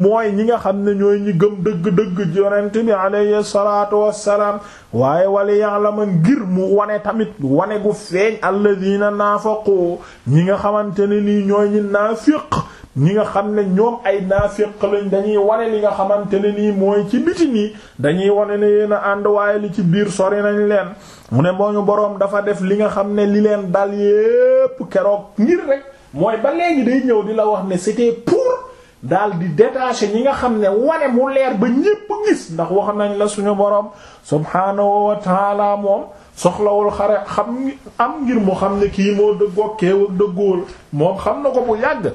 mooy ñi nga xam ne ñooy ñi gëm dëgg-dëgg yonent bi alayhi salaatu wassalaam waaye wale wala ya'lama ngir mu wane tamit wane gu feeñ alladina naafaqu ñi nga xamante ne nii ñooy ñi naafiq ñi nga xam ne ñoom ay naafiq lañ dañuy wane li nga xamante ne nii mooy ci biti nii dañuy wane ne yéen a ànd waaye li ci biir sori nañ leen mu ne moo ñu boroom dafa def li nga xam ne li leen dal yépp keroog ngir rek mooy ba léegi day ñëw di la wax ne c'était daal di détaché ñi nga xam ne wane mu leer ba ñépp gis ndax wax nañ la suñu borom subhaanahu wa moom soxlawul xare xam am ngir mu xam ne kii moo dëggoo keewul dëggool moom xam na ko bu yàgg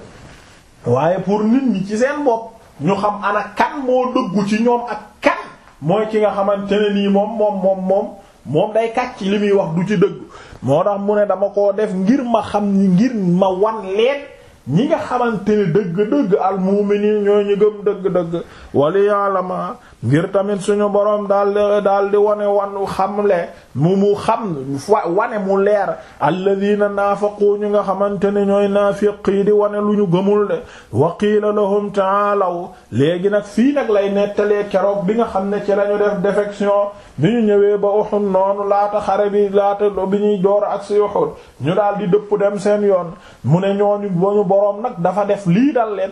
waaye pour nit ñi ci seen bopp ñu xam ana kan moo dëggu ci ñoom ak kan mooy ki nga xamante ne nii moom moom moom moom day kàcc li muy wax du ci dëgg moo tax mu ne dama ko def ngir ma xam ni ngir ma wan leen ñi nga xamante ne dëgg-dëgg almu'miniin ñoo ñu gëm dëgg-dëgg wali yaalama ngir tamit suñu borom daal di wane wan xamle mu mu xam wane mu leer alladina naafaqu ñu nga xamante ne ñooy naafiq yi di wane lu ñu gëmul de wa qiila lahum taalaw léegi nag fii nag lay nettalee keroog bi nga xam ne ci lañu def défection bi ñu ñëwee ba Uhud noonu laata xare bi laata bi ñuy door ak si Uhud ñu daal di dëpp dem seen yoon mu ne ñooñu ba ñu boroom nag dafa def lii dal leen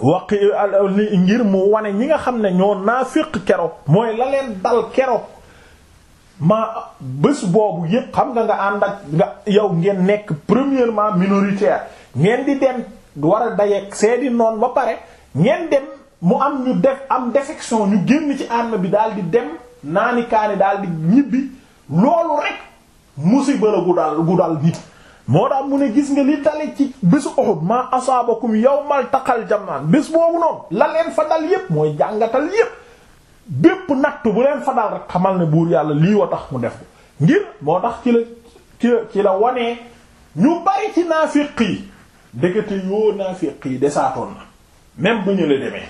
waqi ngir mu wane ñi nga xam ne ñoo naafiq keroog mooy la leen dal keroog ma bës boobu yëpp xam nga nga ànd ak nga yow ngeen nekk premièrement minoritaire ngeen di dem war a dajeek seedi noon ba pare ngeen dem mu am ñu def am défection ñu génn ci arme bi daal di dem naani kaani daal di ñibbi loolu rek musiba la gu dal gu dal nit moo tax mu ne gis nga li dale ci bésu Uhud maa asaabakum yawmal taqal jamaan bés boobu noonu la leen fa dal yépp mooy jàngatal yépp bépp nattu bu leen fa dal rek xamal ne buur yàlla lii wa tax mu def ko ngir moo tax ci la ci ci la wanee ñu bari ci naafiq yi dëkkate yoo naafiq yi desaatoon na même bu demee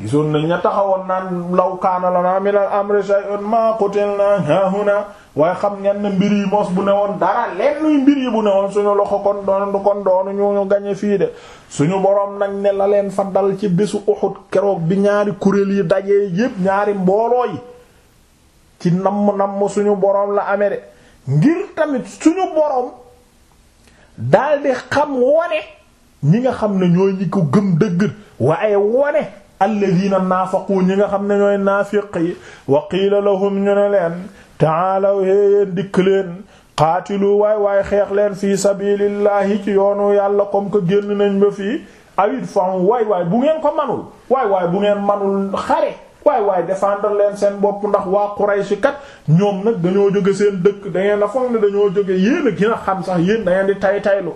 gisoon na ña taxawoon naan law kaana lanaa min al amri shay'un maa qutilnaa haahunaa waaye xam ngeen ne mbir yi mos bu ne woon dara leen luy mbir yi bu ne woon suñu loxo kon doon du kon doonu ñu gañe fii de suñu boroom nag ne la leen fa dal ci bésu Uhud keroog bi ñaari kuréel yi dajee yépp ñaari mbooloo yi ci namm namm suñu boroom la amee de ngir tamit suñu boroom daldi xam wone ñi nga xam ne ñooy ñi ko gëm dëgg waaye wone alladina naafaqu ñi nga xam ne ñooy naafiq yi wa qiila lahum ñu ne leen taalaw héeyéen dikk leen qaatilu waay waay xeex leen fii sabilillahi ci yoonu yàlla comme que génn nañ ba fii awit fam waay waay bu ngeen ko manul waay waay bu ngeen manul xare waay waay défendre leen seen bopp ndax waa Quraysh kat ñoom nag dañoo jóge seen dëkk da ngeen a foog dañoo jóge yéen a gën xam sax yéen dangeen di tay taylu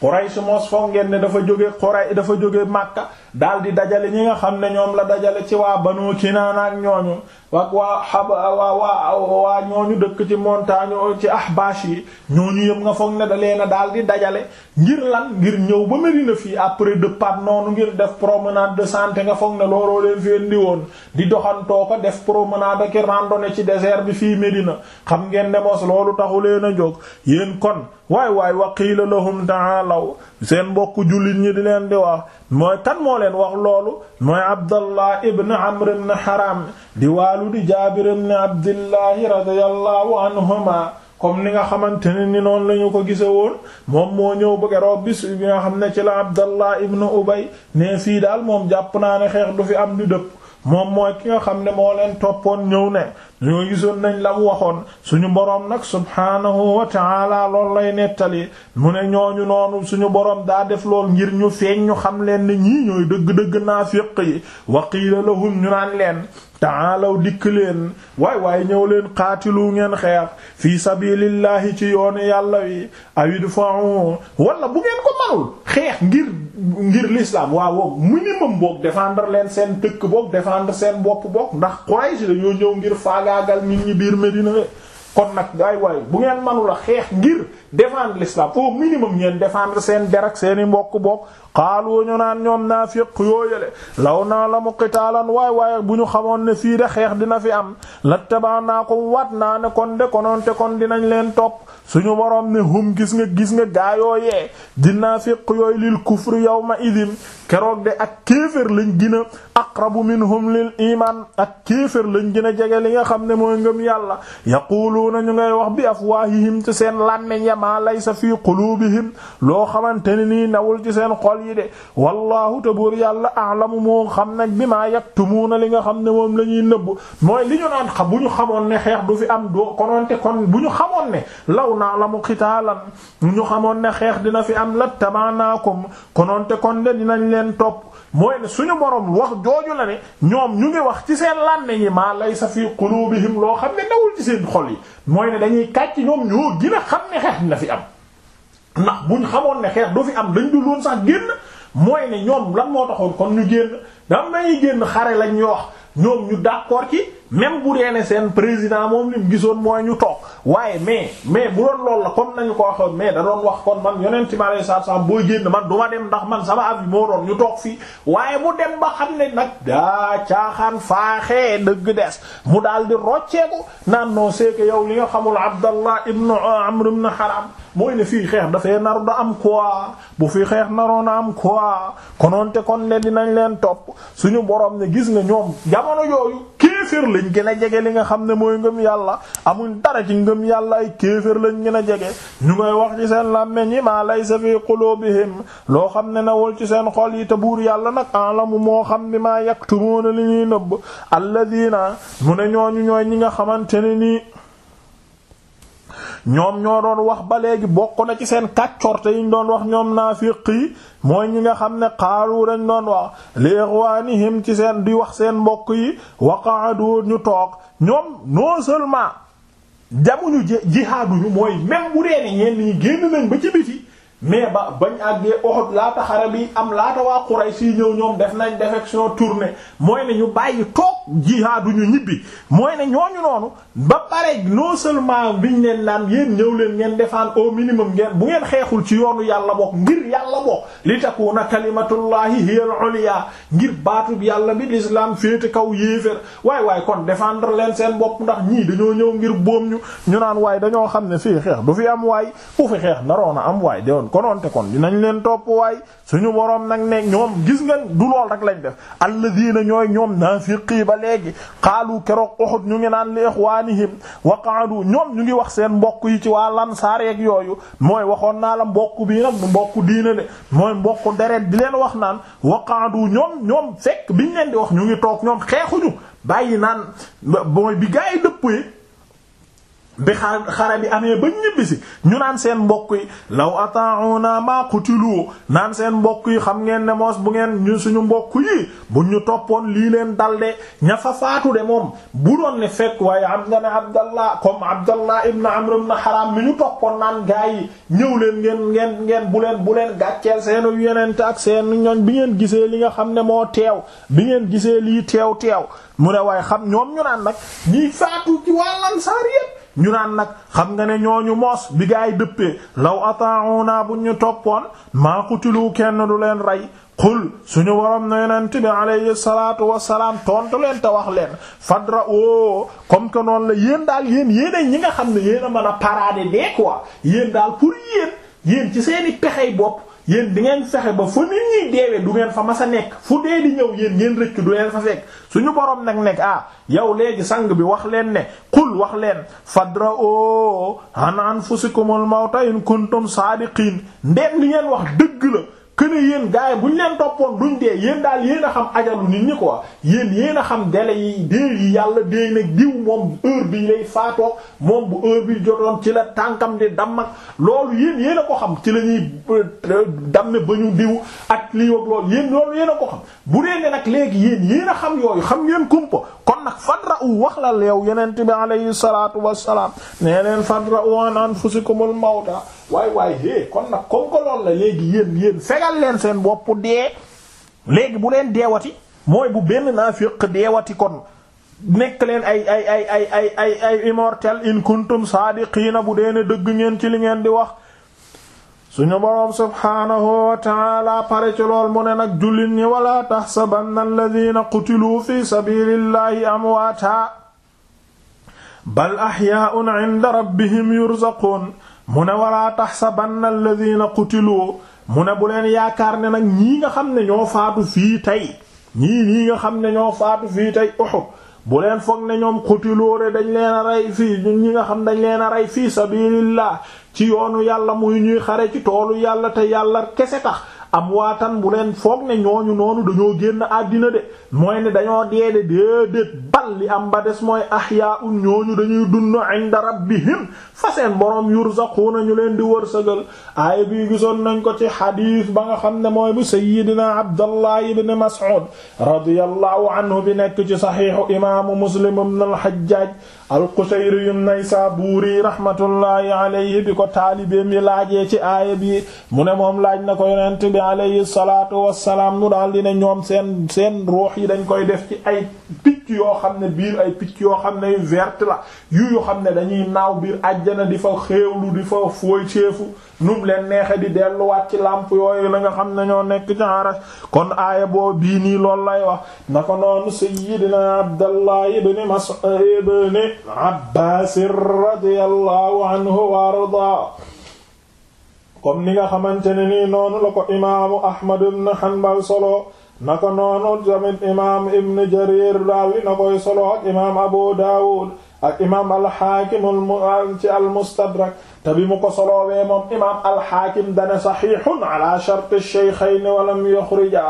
Quraysh mos foog ngeen ne dafa jóge Quraysh dafa jóge Makka daal di dajale ñi nga xam ne ñoom la dajale ci waa Banu Kinaana ak ñooñu ak waa waa waa waa ñooñu dëkk ci montagne ci Ahbash yi ñooñu yëpp nga foog ne da leena daal di dajale ngir lan ngir ñëw ba Medina fii après de pat noonu ngir def promenade de santé nga foog ne looloo leen fi indi woon di doxantoo ko def promenade ak randonnée ci désert bi fii Medina xam ngeen ne mos loolu taxu leen a jóg yéen kon waay waay wa qiila lahum ta'aalaw seen mbokk jullit ñi di leen di wax mooy kan moo leen wax loolu mooy abdallah ibn amr ibn haram di waalu di jaabir ibn abdillahi radiyallahu anhuma comme li nga xamante ne ni noonu lañu ko gise woon moom moo ñëw ba keroog bis bi nga xam ne ci la abdallah ibn ubay ne sii daal moom jàpp naa ne xeex du fi am du dëpp moom mooy ki nga xam ne moo leen toppoon ñëw ne ñoo gisoon nañ la waxoon suñu boroom nag subhaanahu wa ta'ala loolu lay nettali mu ne ñooñu noonu suñu boroom daa def lool ngir ñu feeñ ñu xam leen ni ñii ñooy dëgg-dëgg naafiq yi wa qiila lahum ñu naan leen taalaw dikk leen waaye waay ñëw leen qaatilu ngeen xeex fii sabilillahi ci yoonu yàlla wi awidfa'u wala bu ngeen ko manul xeex ngir ngir l'islam waaw boog minimum boog défendre leen seen dëkk boog défendre seen bopp boog ndax Quraysh dañoo ñëw ngir faagaagal nit ñi biir Medina kon nag waay waay bu ngeen la xeex ngir défendre l'islam au minimum ngeen défendre seen der ak seen i mbokk bokk xaalu ñu naan ñoom naa naafiq yooyale law naa la mu qitaalan waay waaye bu ñu xamoon ne fii de xeex dina fi am la tabaa naa ko waat naa ne kon de konoonte kon dinañ leen topp suñu borom ne hum gis nga gis nga gaayooyee di naafiq yooyu lil kufri yawma idin keroog de ak kéefër lañ gën a aqrabu minhum lil iman ak kéefër lañ gën a jege li nga xam ne mooy yàlla yaquluuna ñu ngay wax bi afwaahihim ci seen làmmiñ ya maa laysa fii quluubihim loo xamante ne nii nawul ci seen xol yi de wallahu te buur yàlla a'lamu moo xam nag bi maa na li nga xam ne moom la ñuy nëbb mooy li ñu naan xam bu ñu xamoon ne xeex du fi am doo kononte kon bu ñu xamoon ne law na'lamu qitaalan ñu xamoon ne xeex dina fi am lattabaanaakum kononte kon de dinañ leen topp mooy ne suñu borom wax jooju la ne ñoom ñu ngi wax ci seen làmmiñ yi maa laysa fii quluubihim loo xam ne nawul ci seen xol yi mooy ne dañuy kàcc ñoom ñoo gën a xam ne xeex na fi am ndax buñ xamoon ne xeex du fi am dañ dul woon sax génn mooy ne ñoom lan moo taxoon kon ñu génn dam nañuy génn xare lañ ñu wax ñoom ñu d'accord ci même bu dee ne seen président moom lim gisoon mooy ñu toog waaye mais mais bu doon loolu la comme nañu ko waxoon mais da doon wax kon man yonent mi alayhi salaatu salaam booy génn man du ma dem ndax man sama avis moo roon ñu toog fii waaye mu dem ba xam ne nag daa caaxaan faaxee dëgg des mu dal di rocceeku naan non c'est que yow li nga xamul Abdallah ibn Amr ibn Haram mooy ne fii xeex dafay nar da am quoi bu fii xeex naroon a am konoon te kon ne dinañ leen topp suñu borom ne gis nga ñoom lañ gën a jege li nga xam ne mooy ngëm yàlla amuñ dara ci ngëm yàlla ay kéefër lañ gën a jege ñu ngay wax ci seen làmmeñ yi maa laysa fi qulubihim loo xam ne nawul ci seen xol yi te buur yàlla nag alamu moo xam bi maa na li ñuy nëbb alladina mu ne ñooñu ñooy ñi nga xamante nii ñoom ñoo doon wax ba léegi bokk na ci seen kàccorte yi ñu doon wax ñoom naa naafiq yi mooy ñi nga xam ne xaalu dañ doon wax li ixwaanihim ci seen di wax seen mbokk yi waqaadu ñu toog ñoom non seulement jamuñu jihaaduñu mooy même bu dee ne ñenn ñi génn nañ ba ci biti mais ba bañ àggee Uhud laata xare bi am laata waa Quraysh yi ñëw ñoom def nañ défection tournée mooy ne ñu bàyyi toog jihaadu ñu ñibbi mooy ne ñooñu noonu ba pare non seulement biñ leen naan yéen ñëw leen ngeen defaan au minimum ngeen bu ngeen xeexul ci yoonu yàlla book ngir yàlla bokk li takuuna kalimatullahi hiya al-ulya ngir baatu yàlla bi l'islam féete kaw yéefér waaye waaye kon défendre leen seen bopp ndax ñii dañoo ñëw ngir boom ñu ñu naan waaye dañoo xam ne fii xeex du fi am waay bu fi xeex naroon a am waay kon konoonte kon dinañ leen topp waay suñu boroom nag ne ñoom gis nga du lool rek lañ def alladina ñooy ñoom naafiqi ba léegi xaalu keroog Uhud ñu ngi naan li ixwaanihim wa qaadu ñoom ñu ngi wax seen mbokk yi ci waa lansaar yeeg yooyu mooy waxoon naa la mbokk bii nag du mbokk deret di leen wax naan wa qaadu ñoom ñoom fekk biñ leen di wax ñu ngi toog ñoom xeexuñu bàyyi naan mooy bi gaa yi dëppee bi xaar xare bi amee ba ñibbisi ñu naan seen mbokk yi law ata'una ma qutilu naan seen mbokk yi xam ngeen ne moos bu ngeen ñu suñu mbokk yi ñu toppoon lii leen dal ña fa faatu de moom bu doon ne fekk waaye am nga ne abdallah comme abdallah ibn amr ibn haram mi ñu toppoon naan gaa yi ñëw leen ngeen ngeen ngeen bu leen bu leen gàcceel seenu yeneent ak seen ñoñ bi ngeen gisee li nga xam ne moo teew bi ngeen gisee lii teew teew mu ne waaye xam ñoom ñu naan nag ñiy faatu ci wàllan saar yépp ñu naan nag xam nga ne ñooñu moos bi gaa yi dëppee law ata'una bu ñu toppoon maa qutilu kenn du leen rey qul suñu waroom na yonent bi alayhi salaatu wassalaam tontu leen ta wax leen fadra o comme que noonu la yéen daal yéen yéenay ñi nga xam ne yéen a mën a parade dee quoi yéen daal pour yéen yéen ci seeni pexey bopp yéen di ngeen fexe ba fa nit ñiy deewee du ngeen fa mas sa nekk fu dee di ñëw yéen ngeen rëccu du leen fa fekk suñu boroom nag nekk ah yow léegi sang bi wax leen ne qul wax leen fadra'u an anfusikumul mawta in kuntum saadiqin ndeen li ngeen wax dëgg la que ne yéen gars bu ñu leen toppoon duñ dee yéen daal yéen a xam ajalu nit ñi quoi yéen yéen a xam délai yi déeg yi yàlla déeg nag diw moom heure bi lay faatoo moom bu heure bi jotoon ci la tànkam di damm ak loolu yéen yéen a ko xam ci la dam euh, damme ba ñu diw ak lii ak loolu yéen loolu yéen a ko xam bu dee ne nag léegi yéen yéen a xam yooyu xam ngeen kumpa nag fadra'u wax la leew yonent bi alayhi salaatu wassalaam nee leen fadra'u an anfusikumul mawta waay waay hé kon nag kon ko lool la léegi yéen yéen fegal leen seen bopp dee léegi bu leen deewati mooy bu benn naafiq deewati kon nekk leen ay ay ay ay ay ay ay immortel in kuntum saadiqiina bu dee ne dëgg ngeen ci li ngeen di wax suñu boroom subhaanahu wa taala lool mu ne nag jullit ñi wala taxsabanna alladina qutilu fi sabilillahi amwaata bal axyaaun inda rabbihim yurzaquun mu ne walaa taxsabanna alladina qutilu mu ne bu leen yaakaar ne nag ñii nga xam ne ñoo faatu fii tey ñii ñii nga xam ne ñoo faatu fii tey Uhud bu leen ne ñoom qutilu dañ leen a fii ñi nga xam dañ leen a rey fii sabilillah ci yoonu yàlla muy ñuy xaree ci toolu yàlla te yàlla kese tax am waatan bu leen foog ne ñooñu noonu dañoo génn àddina de mooy ne dañoo deede déedéet bal li am ba des mooy ahyaa un ñooñu dañuy dund inda rabbihim fa seen boroom yurzaquuna ñu leen di wërsëgal aaya bii gisoon nañ ko ci xadiis ba nga xam ne mooy bu sayyidina abdallah ibn mas'ud radiyallahu anhu bi nekk ci saxiixu imaamu muslim ibn al-hajjaj al-Qushayri an-Naysaburi rahmatullahi alayhi bi ko taalibeem yi laajee ci aaya bii mu ne moom laaj na ko yonent bi alayhi salaatu wassalaam mu daal di ne ñoom seen seen ruux yi dañ koy def ci ay picc yoo xam ne biir ay picc yoo xam ne yu la yu yoo xam ne dañuy naaw biir àjjana di fa xéewlu di fa fooy num leen neexe di delluwaat ci làmp yooyu la nga xam ne ñoo nekk ci aras kon aaya boo bii nii loolu lay wax na ko noonu sayyidina abdallah ibn mas'ud ibn abbas radiyallahu anhu wa ardaa ni nga xamante ne nii noonu la ko imaamu ahmad ibn hanbal solo na ko noonu tamit imaam ibn jarir daawi na koy solo ak imaam abu daawud ak imaam alxaakim ci almustadrak te bi mu ko soloowee moom imaam alxaakim dane saxiixun ala charte sheyxayn walam yoxrija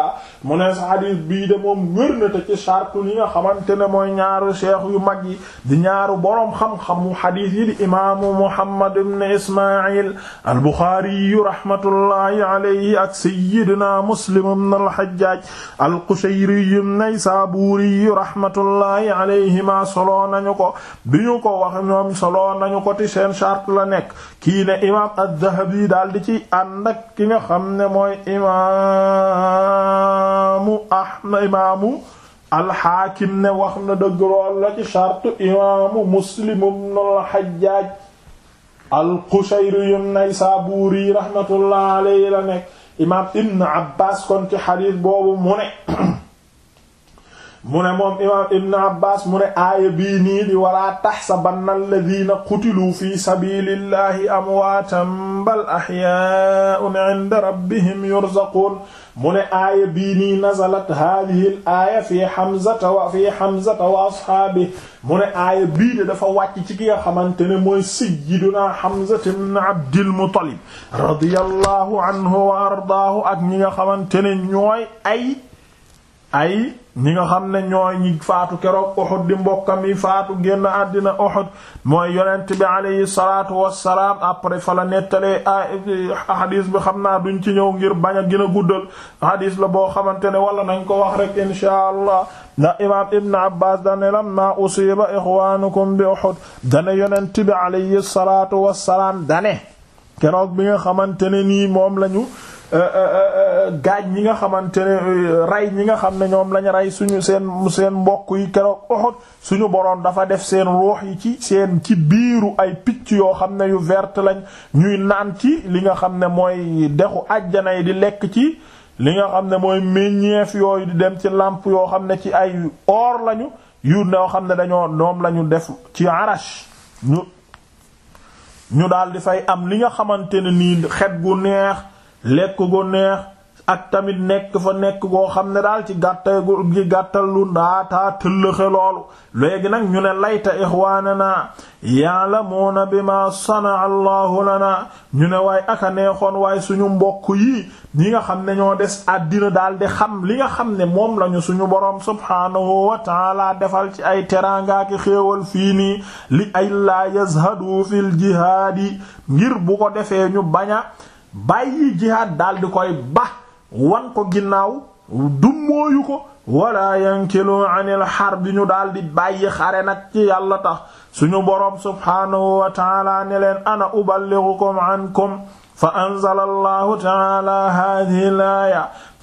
mu ne xadiis bii de moom wér na te ci charte yi nga xamante ne mooy ñaaru cheikh yu mag yi di ñaaru boroom xam-xamu xadiis yi di imaamu muhammad ibn ismail albuxaari yu rahmatullahi alayhi ak sayidina muslim ibn alxajjaaj alqushayri naysaabuuri yu rahmatullahi alayhima soloo nañu ko bi ñu ko wax ñoom soloo nañu ko ti seen charte la nekk kii ne imaam ad-Dhahabi daal di ci ànd ki nga xam ne mooy imaamu Ahmad imaamu al-Hakim ne wax na dëgg lool la ci shart imaamu Muslim ibn al-Hajjaj al-Qushayri an-Naysaburi rahmatullah alayhi la nekk imaam Ibn Abbas kon ci boobu mu mu ne moom imaam ibn abbas mu ne aaya bii nii di walaa taxsabanna alladina qutiluu fi sabilillahi amwaatan bal axyaun inda rabbihim yurzaquun mu ne aaya bii nii nazalat haadihi l aaya fi hamzata wa fi hamzata wa asxaabi mu ne aaya bii de dafa wàcc ci ki nga xamante ne mooy sayyiduna hamzata ibn abdil muttalib radiyallahu anhu wa ardaahu ak ñi nga xamante ne ñooy ay ay ñi nga xam ne ñooy ñi faatu keroog Uhud di mbokkam yi faatu génn àddina Uhud mooy yonent bi alayhi salaatu wassalaam après fa la nettalee hadis bi xam naa duñ ci ñëw ngir bañ a gën a guddal la boo xamante ne wala nañ ko wax rek inshaa allah ndax imaam Ibn Abbas dane lamma usiba ixwaanukum bi Uhud dane yonent bi alayhi salaatu wassalaam dane keroog bi nga xamante ne nii moom lañu Euh, euh, euh, gaaj ñi nga xamante ne rey ñi nga xam ne ñoom lañ rey suñu seen seen mbokk yi keroog Uhud suñu boroom dafa def seen ruux yi ci seen ci biiru ay picc yoo xam ne yu vert lañ ñuy naan ci li nga xam ne mooy dexu àjjana yi di lekk ci li nga xam ne mooy meññeef yooyu di dem ci làmp yoo xam ne ci ay or lañu yu noo xam ne dañoo ñoom lañu def ci arash ñu ñu daal di fay am li nga xamante ne nii xet gu neex lekk gu neex ak tamit nekk fa nekk goo xam ne daal ci gàttal gi gàttal lu ndaataa tëllëxe loolu léegi nag ñu ne layta ixwaanana ya'lamuuna bima sana allahu lana ñu ne waaye aka neexoon waay suñu mbokk yi ñi nga xam ne ñoo des àddina daal di xam li nga xam ne moom lañu suñu boroom subhaanahu wa defal ci ay teraangaaki xéewal fii nii li ay laa yazhadu fil jihaadi ngir bu ko defee ñu baña bàyyi jihaad daldi di koy ba wan ko ginnaaw dummóoyu ko wala yankilu anil harb ñu daal di bàyyi xare nag ci yàlla tax suñu boroom subhaanahu wa taala ne leen ana uballighukum ankum fa anzala allahu taala haadihi l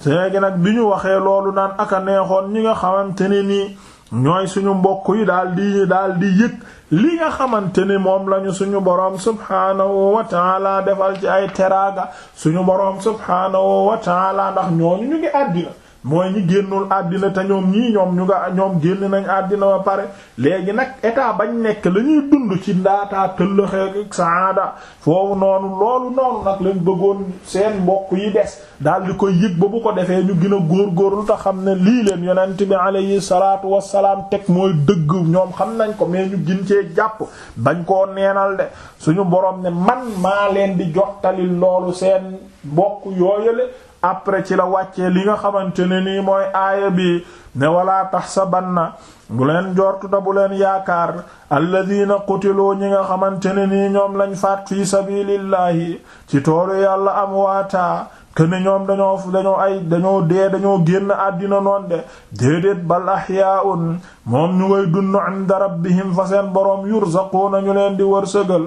seegi nag bi ñu waxee loolu naan aka neexoon ñi nga xamante ne nii ñooy suñu mbokk yi daal di daal di yëg li nga xamante ni moom lañu suñu boroom subhaanahu wa taala defal ci ay teraaga suñu boroom subhaanahu wa taala ndax ñooñu ñu ngi àddina mooy ñi génnul àddina te ñoom ñii ñoom ñu nga ñoom génn nañ àddina ba pare léegi nag état bañ nekk lañuy ñuy dund ci ndaataa tëllëxeek saada foofu noonu loolu noonu nag lañ bëggoon seen mbokk yi des daal di koy yëg ba bu ko defee ñu gën góor góorgóorlu te xam ne lii leen yonent bi alayhi salaatu wassalaam teg mooy dëgg ñoom xam nañ ko mais ñu gin cee jàpp bañ koo neenal de suñu borom ne man maa leen di jottali loolu seen mbokk yooyale après ci la wàccee li nga xamante ne nii mooy aaya bi ne sa tahsabanna bu leen jortu da bu leen yaakaar alladina qutiluu ñi nga xamante ne nii ñoom lañ faat fi sabilillahi ci toolu yàlla amwaata kene ñoom dañoo dañoo ay dañoo dee dañoo génn àddina noon de déedéet bal ahyaun moom ñu ngay dund inda rabbihim fa seen boroom yurzaquuna ñu leen di wërsëgal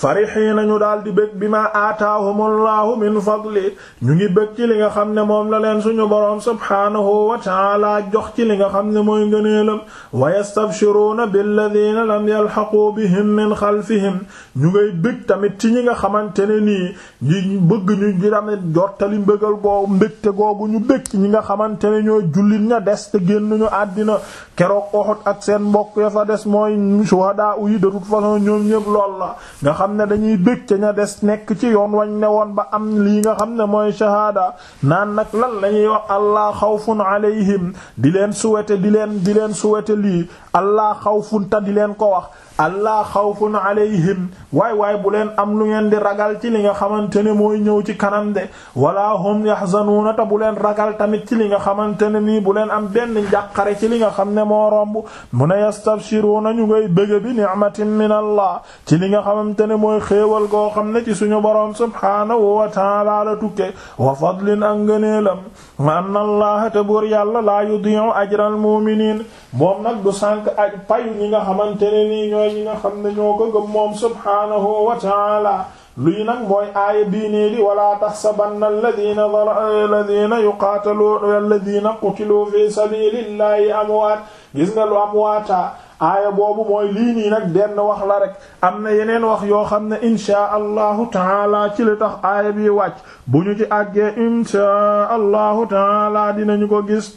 farihiina ñu daal di bëgg bi ma aataahumullahu min fadli ñu ngi bëgg ci li nga xam ne moom la leen suñu boroom subhaanahu wa taala jox ci li nga xam ne mooy ngëneelam wa yastabshiruuna billadina lam yalhaqu bihim min xalfihim ñu ngay bëgg tamit ci ñi nga xamante ne nii ñi bëgg ñu di tamit jottali mbëggal googu te googu ñu bëgg ci ñi nga xamante ne ñooy jullit ña des te génn ñu àddina keroog Uhud ak seen mbokk ya fa des mooy shuhadaa yi de toute façon ñoom ñëpp lool xam ne dañuy bëgg ca ña des nekk ci yoon wañ ne woon ba am lii nga xam ne mooy shahaada naan nag lan lañuy wax allah xawfun alayhim di leen souhaiter di leen di leen souhaiter lii allah xawfun ta di leen ko wax allah xawfun alayhim waay waay bu leen am lu ngeen di ragal ci li nga xamante ne mooy ñëw ci kanam de wala hum yahzanuuna te bu leen ragal tamit ci li nga xamante ne nii bu leen am benn njàqare ci li nga xam ne moo romb mu ne yastabshiruuna ñu ngay bëgg bi ni'matin min allah ci li nga xamante ne mooy xéewal goo xam ne ci suñu boroom subhaanahu wa ta'aala la tukke wa fadlin ak ngëneelam ma anna allaha te buur yàlla laa yudi'u ajral mu'minin moom nag du sànq aj payu ñi nga xamante ne nii ñooy ñi nga xam ne ñoo ko gëm moom subhaanahu wa ta'ala luy nag mooy aaya bii nii di wala tahsabanna alladina alladina yuqaatalu alladina qutilu fi sabilillahi amwaat gis nga lu amwaata aaya boobu mooy lii nii nag benn wax la rek am na yeneen wax yoo xam ne inshaa allahu taala ci li tax aaya bi wàcc bu ñu ci àggee inshaa allahu dina ñu ko gis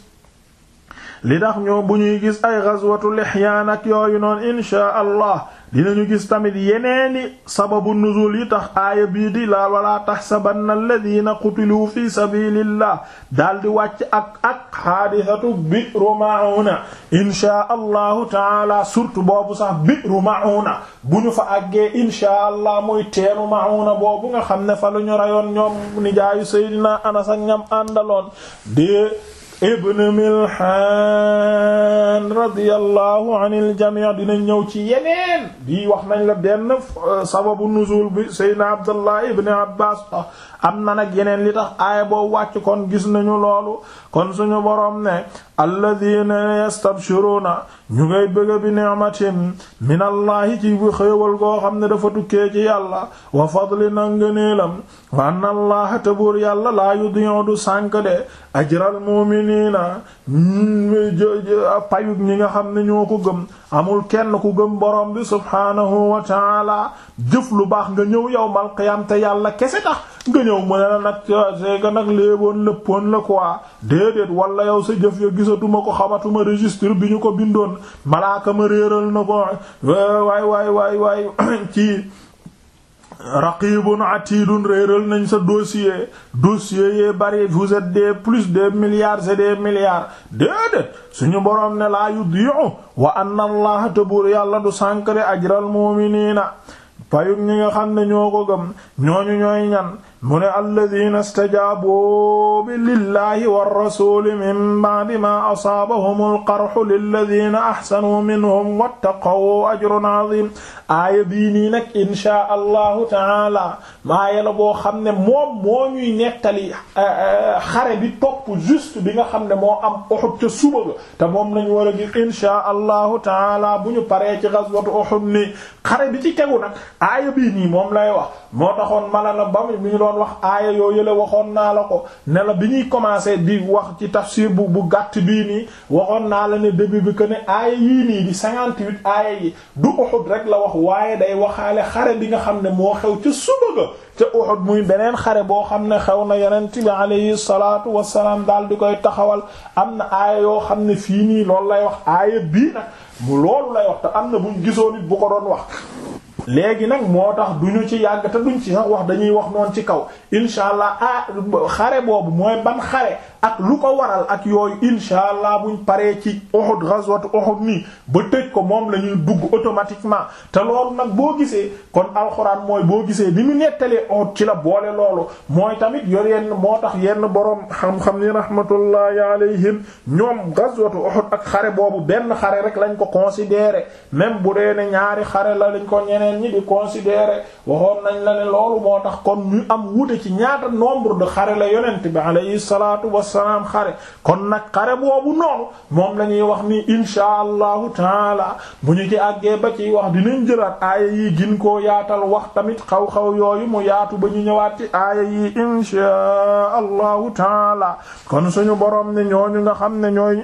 li tax ñoo bu ñuy gis ay ghazwatul ihyan ak yooyu noonu inshaa allah dinañu gis tamit yeneeni sababu nuzul yi tax aaya bii di la wala tahsabanna alladhina qutilu fi sabilillah daal di wàcc ak ak xaadisatu bi'ru ma'una inshaa allahu taala surtout boobu sax bi'ru ma'una bu ñu fa àggee inshaa allah muy teenu ma'una boobu nga xam ne fa lu ñu rayoon ñoom nijaayu sayyidina anas ak ñam àndaloon de ibn Milhan radiyallahu anil jamii dinañ ñëw ci yeneen bii wax nañ la benn euh, sababu nuzul bi Seydina Abdullah ibn Abbas am na nag yeneen li tax aaya boo wàcc kon gis nañu loolu kon suñu boroom ne alladhina yastabshiruna ñu ngay bëgg bi ni'matin minallahi ci xéewal goo xam ne dafa tukkee ci yàlla wa fadlin ak ngëneelam wa anna allaha te buur yàlla laa yudi'u du sànk de ajral mu'minina payug ñi nga xam ne ñoo ko gëm amul kenn ku gëm borom bi subhaanahu wa jëf lu baax nga ñëw yawmal qiyaam te yàlla kese tax nga ñëw mu ne la nag c'est que nag léeboon léppoon la quoi déedéet wala yow sa jëf ya gisatuma ko xamatuma registre bi ñu ko bindoon malaaka ma réeral na ko waay waay waay waay ci raqibun atidun réeral nañ sa dossier dossier yee bari vous êtes des plus des milliards et des milliards déedéet suñu borom ne laa yudiu wa anna allaha te buur du sànkre ajral mu'minina payut ñi xam ne ñoo ko gëm ñooñu ñooy ñan mu ne alladina stajaabu bi lillahi warrasuli min ba'di ma asaabahum alqarxu lilladina axsanuu minhum wattaqaw ajrun azim aaya bii nii nag inchaa allahu taala aaya la boo xam ne moom moo ñuy nettali eh, eh, xare bi topp juste bi nga xam ne moo am Uhud ca suba ga te moom nañ war a gis inchaa allahu taala bu ñu paree ci gazwatu Uhud ni xare bi ci tegu nag aaya bii nii moom lay wax moo taxoon mala na bam doon wax aaya yoo waxoon naa la ko ne bi ñuy commencé di wax ci tafsir bu bu gàtt bii nii waxoon naa la ne début bi que ne aaya yii nii di 58 aaya yi du Uhud la wax waaye day waxaale xare bi nga xam ne moo xew ca suba ga beneen xare boo xam ne xew na yonent bi alayhi salaatu wasalaam daal di koy taxawal am na aaya yoo xam ne fii nii loolu lay wax aaya bii nag mu loolu lay wax te am na buñ gisoon nit bu ko doon wax léegi nag moo tax duñu ci yàgg te duñ ci sax wax dañuy wax noonu ci kaw incha allah ah xare boobu mooy ban xare ak lu ko waral ak yooyu incha allah buñ paree ci Uhud ghazwat Uhud nii ba tëj ko moom la ñuy dugg automatiquement te loolu nag boo gisee kon alxuraan mooy boo gisee bi mu nettalee Uhud ci la boole loolu mooy tamit yor yenn moo tax yenn borom xam-xam ni rahmatullahi alayhim ñoom ghazwat Uhud ak xare boobu benn xare rek lañ ko considéré même bu dee ñaari xare la lañ ko ñeneen ñi di considérer waxoon nañ la ne loolu moo tax kon ñu am wute ci ñaata nombre de xare la yonent bi alayhi salaatu wassalaam xare kon nag xare boobu noonu moom la wax ni inshaa allahu taala bu ñu ci àggee ba ci wax dinañ jëlaat aaya yi gin koo yaatal wax tamit xaw-xaw yooyu mu yaatu ba ñu ñëwaat ci aaya yi inshaa allahu taala kon suñu borom ne ñooñu nga xam ne ñooy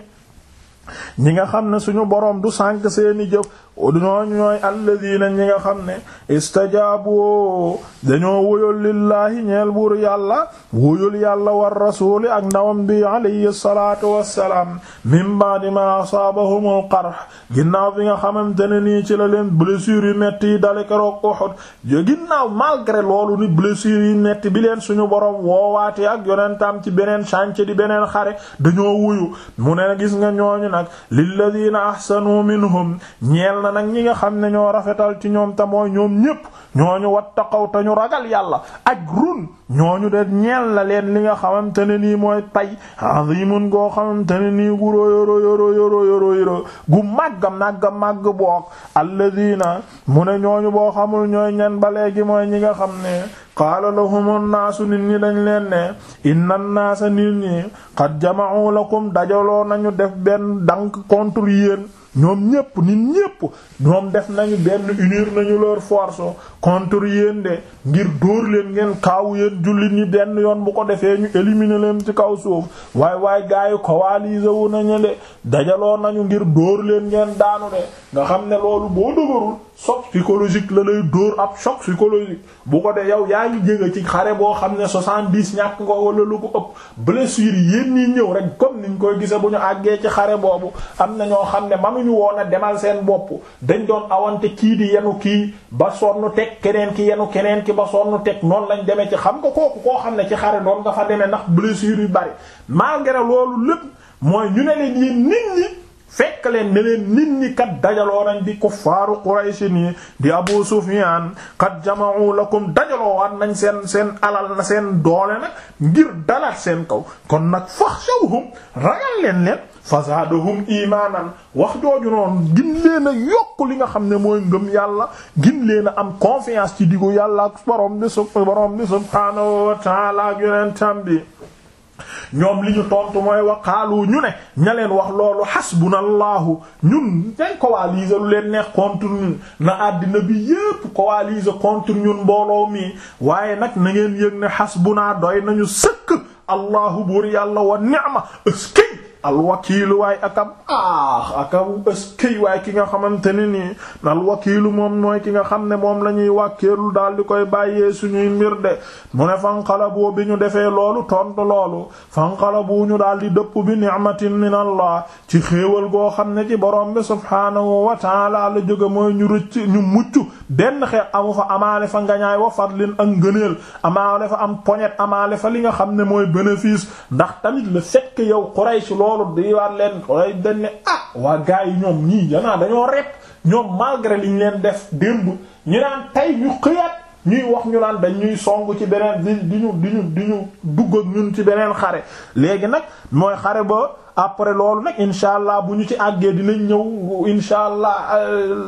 ñi nga xam ne suñu borom du sànk seeni jëf udnoo ñooy alladina ñi nga xam ne istajaabu dañoo wóyul lillaahi ñeel buur yàlla wóyul yàlla war rasuuli ak ndawam bi alayhi salaatu wassalaam min ba'di ma asaabahumul qarh ginnaaw bi nga xamante ne nii ci la leen blessure yu metti yi dale keroog Uhud yo ginnaaw malgré loolu ni blessure yu metti bi leen suñu borom woowaate ak yonentam ci beneen chanc di beneen xare dañoo wuyu mu ne gis nga ñooñu nag lilladiina ahsanu minhum ñeel na nag ñi nga xam ne ñoo rafetal ci ñoom te ñoom ñépp ñooñu wattaqaw te ñu ragal yàlla ajrun ñu de ñeel la leen li nga xamante ne nii mooy pay azimun goo xamante ne nii gu róyoro yoro yoro yoro yoro gu màgga màgga màgg boog alladina mu ne ñooñu boo xamul ñooy ñen ba léegi mooy ñi nga xam ne qaala lahumun naasu nit ñi dañ leen ne inna naasa nit ñi qad jama'u lakum dajaloo nañu def benn dank contre yéen ñoom ñépp nit ñépp ñoom def nañu benn unir nañu leur force contre yéen de ngir dóor leen ngeen kaaw yéen jullit ñi benn yoon bu ko defee ñu éliminer leen ci kaw suuf waay waay gars yi coalisé wu nañu de dajaloo nañu ngir dóor leen ngeen daanu de nga xam ne loolu boo dëgërul choc psychologique la lay dóor ab choc psychologique bu ko dee yow yaa ngi jege ci xare boo xam ne soixante-dix ñàkk nga wala lu ko ëpp blessure yéen ñi ñëw rek comme ñu koy gise bu ñu àggee ci xare boobu am na ñoo xam ne manuñu woon a demal seen bopp dañ doon awante kii di yenu kii ba sonn teg keneen ki yenu keneen ki ba sonn teg noonu lañ demee ci xam nga kooku koo xam ne ci xare doon nga fa demee ndax blessure yu bari malgré loolu lépp mooy ñu fekk leen ne leen nit ñi kat dajaloo nañ di kuffaaru Quraysh ni di Abu Sufyan qad jama'u lakum dajaloo waat seen seen alal na seen doole nag ngir dalat seen kaw kon nag fakhshawhum ragal leen leen fazaadahum imaanan wax jooju noonu gin leen yokk li nga xam ne mooy ngëm yàlla gin leen am confiance ci diggu yàlla ak borom bi su borom bi subhaanahu wa ta'ala ak ñoom li ñu tontu mooy waqaalu ñu ne ña leen wax loolu xasbunallahu ñun dañ coaliser lu leen neex contre ñun na àddina bi yépp coaliser contre ñun mbooloo mi waaye nag na ngeen yëg ne xasbunaa doy nañu sëkk allahu buur yàlla wa ni'ma ëskay alwakiilu waay akam aax ah, akam ëskëy waay ki nga xamante ne nii alwakiilu moom mooy ki nga xam ne moom la ñuy wàkkeerlu daal di koy bàyyee suñuy mbir de mu ne fanqalabu bi ñu defee loolu tontu loolu fanqalabu ñu daal di dëpp bi ni'matin min allah ci xéewal goo xam ne ci borom bi subhaanahu wa ta'ala la mooy ñu rëcc ñu mucc benn xeet amu fa amaale fa ngañaay wa fadlin ak fa am poñet amaale fa li nga xam ne mooy bénéfice ndax tamit le fait yow Quraysh loolu loolu di waat leen xooy dañ ne ah waa gars yi ñoom ñii yanaa dañoo rek ñoom malgré liñ leen def démb ñu naan tey ñu xëyaat ñuy wax ñu naan dañuy song ci beneen di di ñu di ñu di dugg ak ñun ci beneen xare léegi nag mooy xare ba après loolu nag incha allah bu ñu ci àggee dinañ ñëw incha allah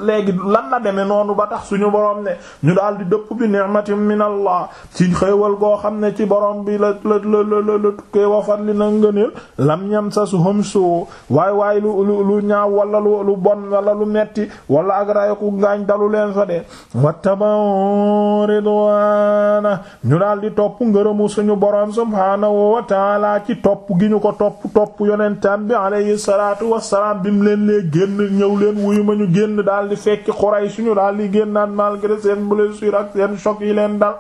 léegi lan la demee noonu ba tax suñu borom ne ñu daal di dëpp bi ni'matin min allah ci xéewal goo xam ne ci borom bi la la la la la tukkee wafat li na ngëneel lam ñam sa su hum su waaye waay lu lu lu ñaaw walla lu lu bon wala lu metti wala ak rayaku ngaañ dalu leen fa de wattabaw ridwaana ñu daal di topp ngërëmu suñu borom subhaanahu wa ci topp gi ñu ko topp topp yonent yonentam bi alayhi salaatu wassalaam bi mu leen lee génn ñëw leen wuyu ma ñu génn daal di fekki Quraysh suñu daal di génnaan malgré seen blessure ak seen choc yi leen dal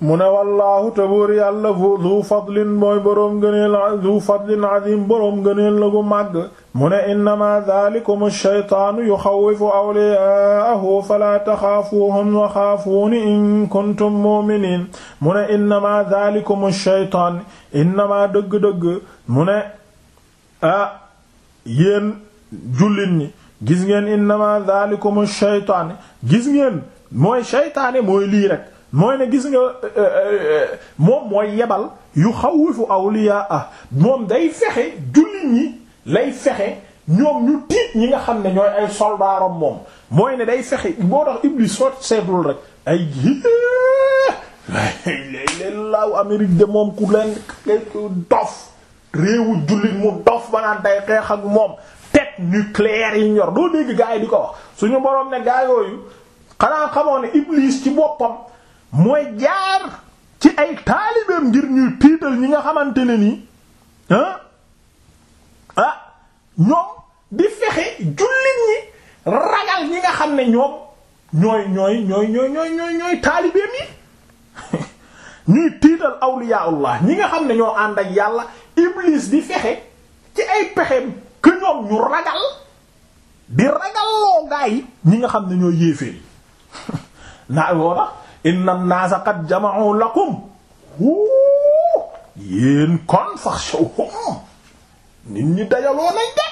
mu ne wallaahu te buur yàlla du fadlin mooy boroom gëneel du fadlin azim boroom gëneel la gu màgg mu ne innama dalikum shaytaanu yuxawwifu awliyaahu falaa taxaafuuhum wa xaafuuni in kuntum mu'miniin mu ne dalikum shaytaan innama dëgg-dëgg mu ne ah yéen jullit gis ngeen innama dalikum shaytaan gis ngeen mooy shaytaane mooy lii rek mooy ne gis nga euh, euh, euh, moom mooy yebal yuxawwifu awliyaa moom day fexe jullit lay fexe ñoom ñu tiit ñi nga xam ne ñooy ay soldaaram moom mooy ne day fexe boo tax Iblis soo seetul rek ay lay leen laaw Amérique de moom ku leen dof réewu jullit mu dof ba naan day xeex ak moom tête nucléaire yi ñor doo dégg gaa yi di ko wax suñu boroom ne gaa yooyu xanaa xamoo ne Iblis ci boppam mooy jaar ci ay taalibeem ngir ñuy tiital ñi nga xamante ne nii ah ah ñoom di fexe jullit ñi ragal ñi nga xam ne ñoom ñooy ñooy ñooy ñooy ñooy ñooy ñooy taalibeem yi ñuy tiital awliyaullah ñi nga xam ne ñoo ànd ak yàlla iblis di fexe ci ay pexeem que ñu ragal di ragal gaa yi ñi nga xam ne ñoo yéeféer naa woola inna an-naasa qad jama'u lakum yéen kon fakhshawhum nit ñi dajaloo nañ de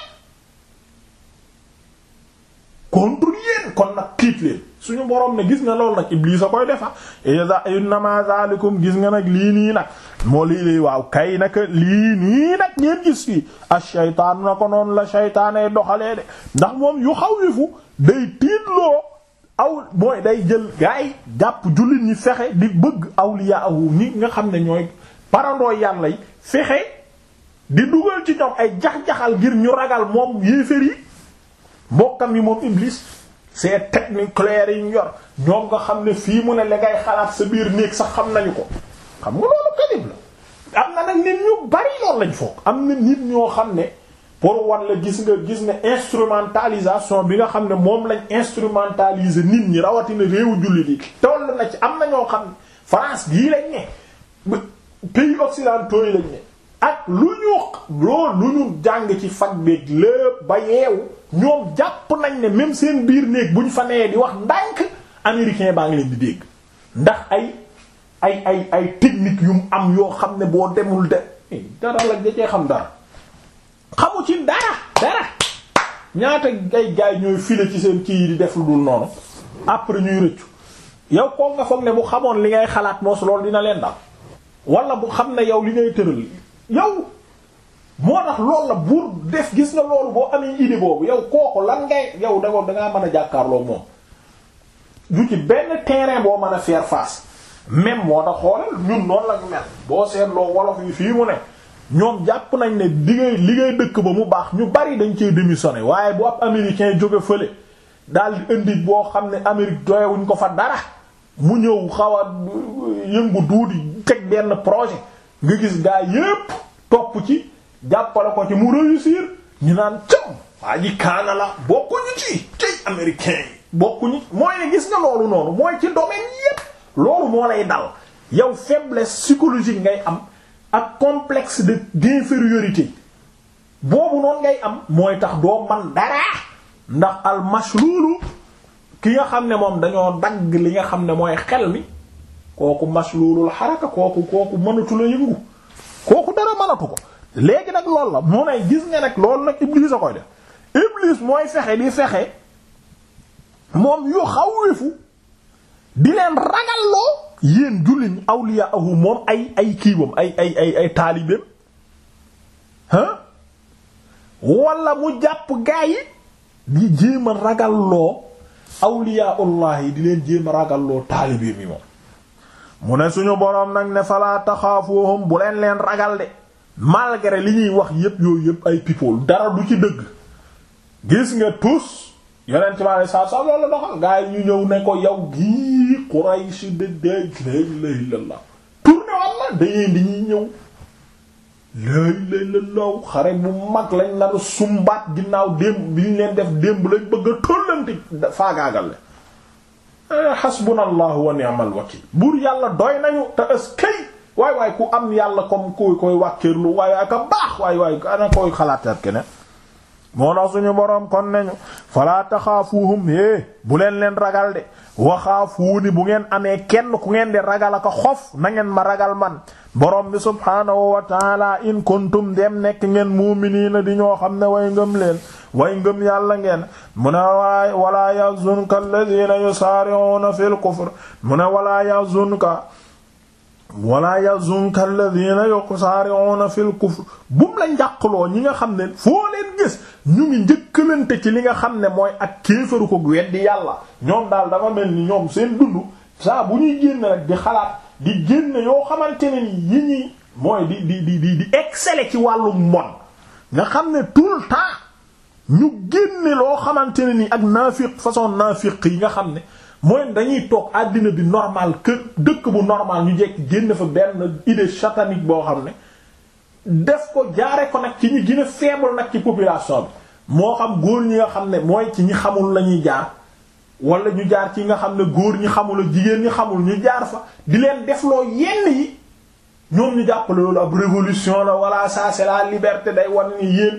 contre yéen kon nag tiit leen suñu borom ne gis nga loolu nag Iblis a koy defa isa innama zalikum gis nga nag lii nii nag moo lii lay waaw kay nag lii nii nag ngeen gis fii ash-shaytaan na ko noon la shaytaanee doxalee de ndax moom yu xaw wifu day tiitloo aw mooy day jël gaay jàpp jullit ñi fexe di bëgg awliyaahu ñi nga xam ne ñooy parandoo yàlla yi fexe di dugal ci ñoom ay jax-jaxal ngir ñu ragal moom yéefér yi mbokkam yi moom iblis c'est technique claire yi ñu yor ñoom nga xam ne fii mu ne la ngay xalaat sa biir néeg sax xam nañu ko xam nga loolu kadib la am na nag nit ñu bari loolu lañ foog am na nit ñoo xam ne pour wan la gis nga gis ne instrumentalisation bi nga xam ne moom lañ instrumentaliser nit ñi rawatina réewu jullit yi toll na ci am na ñoo xam ne France gii lañ ne pays occidentaux lañ ne ak lu ñu lu ñu jàng ci fag beeg lépp ba yeewu ñoom jàpp nañ ne même seen biir néeg bu ñu fa nee di wax ndànk américain baa ngi leen di dégg ndax ay ay ay ay technique yu am yoo xam ne boo demul de eh, dara la da cee xam dara xamu ci dara dara ñaata gay gaay ñooy file ci seen ci yi di def lu dul noonu après ñuy rëccu yow ko nga foog ne bu xamoon li ngay xalaat moos loolu dina leen dal wala bu xam ne yow li ngay tëral yow moo tax loolu la buur def gis nga loolu boo amee idée boobu yow kooku lan ngay yow da dangaa mën a jàkkaarloo moom du ci benn terrain boo mën a faire face même moo tax xoolal ñun noonu la ñu mel boo seetloo wolof yi fii mu ne ñoom jàpp nañ ne liggéey liggéey dëkk ba mu baax ñu bari dañ cee démissionné waaye bu ab américain jóge fële daal indi boo xam ne Amérique doyewuñ ko fa dara mu ñëw xaw a yëngu duudi teg benn projet. nga gis gaa yépp topp ci jàppale ko ci mu réussir ñu naan cam waa ji kaana la bokkuñu ci tey américain bokkuñu mooy gis nga loolu noonu mooy ci domaine yépp loolu moo lay dal yow faiblesse psychologique ngay am ak complexe de d'infériorité boobu noonu ngay am mooy tax doo man dara ndax al mashlulu ki nga xam ne moom dañoo dagg li nga xam ne mooy xel mi kooku masluulul xaraka kooku kooku mënatu la yëngu kooku dara mënatu ko léegi nag loolu la mu ne gis nga nag loolu nag iblis a koy def iblis mooy fexe di fexe moom yu xawwifu di leen ragalloo yéen julliñ awliya ahu moom ay ay kiiwam ay ay ay ay taalibeem ah wala mu jàpp gaa yi di jéem a ragalloo awliya allah yi di leen jéem a ragalloo taalibeem yi moom mu ne suñu boroom nag ne falaa taxaafuhum bu leen leen ragal de malgré li ñuy wax yépp yooyu yépp ay people dara du ci dëgg gis nga tous yonent mi alei satu salaam loolu doxal gaa ñu ñëw ne ko yow gii Quraysh de déeg léegi lay la la walla dañeen di ñuy ñëw léegi lay la law xare bu mag lañ nar sumbaat ginnaaw démb bi ñu leen def démb lañ bëgg a tóllanti faagaagal Eh, hasbunallahu wa ni'mal wakil buur yàlla doy nañu te ëskay waay waay ku am yàlla comme kuy koy wàkkirlu waay waay ka baax waay waay ana koy xalaataat keneen moo tax suñu boroom kon nañu falaa taxaafuuhum é eh, bu leen leen ragal de waxaafuuni bu ngeen amee kenn ku ngeen di ragal aka xof na ngeen ma ragal man boroom bi subhaanahu wa taala in kuntum dem nekk ngeen mu'miniina di ñoo xam ne way ngëm leen way ngëm yàlla ngeen mu ne waay walaa yahzunka alladhina yusaari'una fil kufr mu ne walaa yahzunka walaa yahzunka alladhina yusaari'una fil kufr bum la njàqloo ñi nga xam ne foo leen gis ñu ngi njëkkalante ci li nga xam ne mooy ak kéefaru ko weddi yàlla ñoom daal dafa mel ni ñoom seen dund saa bu ñuy génn rek di xalaat di génn yoo xamante ne yi ñi mooy di di di di di exceller ci wàllu mbon nga xam ne tout le temps ñu génne loo xamante ne ni ak naafiq façon naafiq yi nga xam ne mooy dañuy toog àddina bi normal kër dëkk bu normal ñu jekk génn fa benn idée satanique boo xam ne def ko jaare ko nag ci ñi gën a nag ci population bi moo xam góor ñi nga xam ne mooy ci ñi xamul la ñuy jaar wala ñu jaar ci nga xam ne góor ñi xamul a jigéen ñi xamul ñu jaar fa di leen def loo yenn yi ñoom ñu jàppale loolu ab révolution la wala ça c'est la liberté day wan ni yéen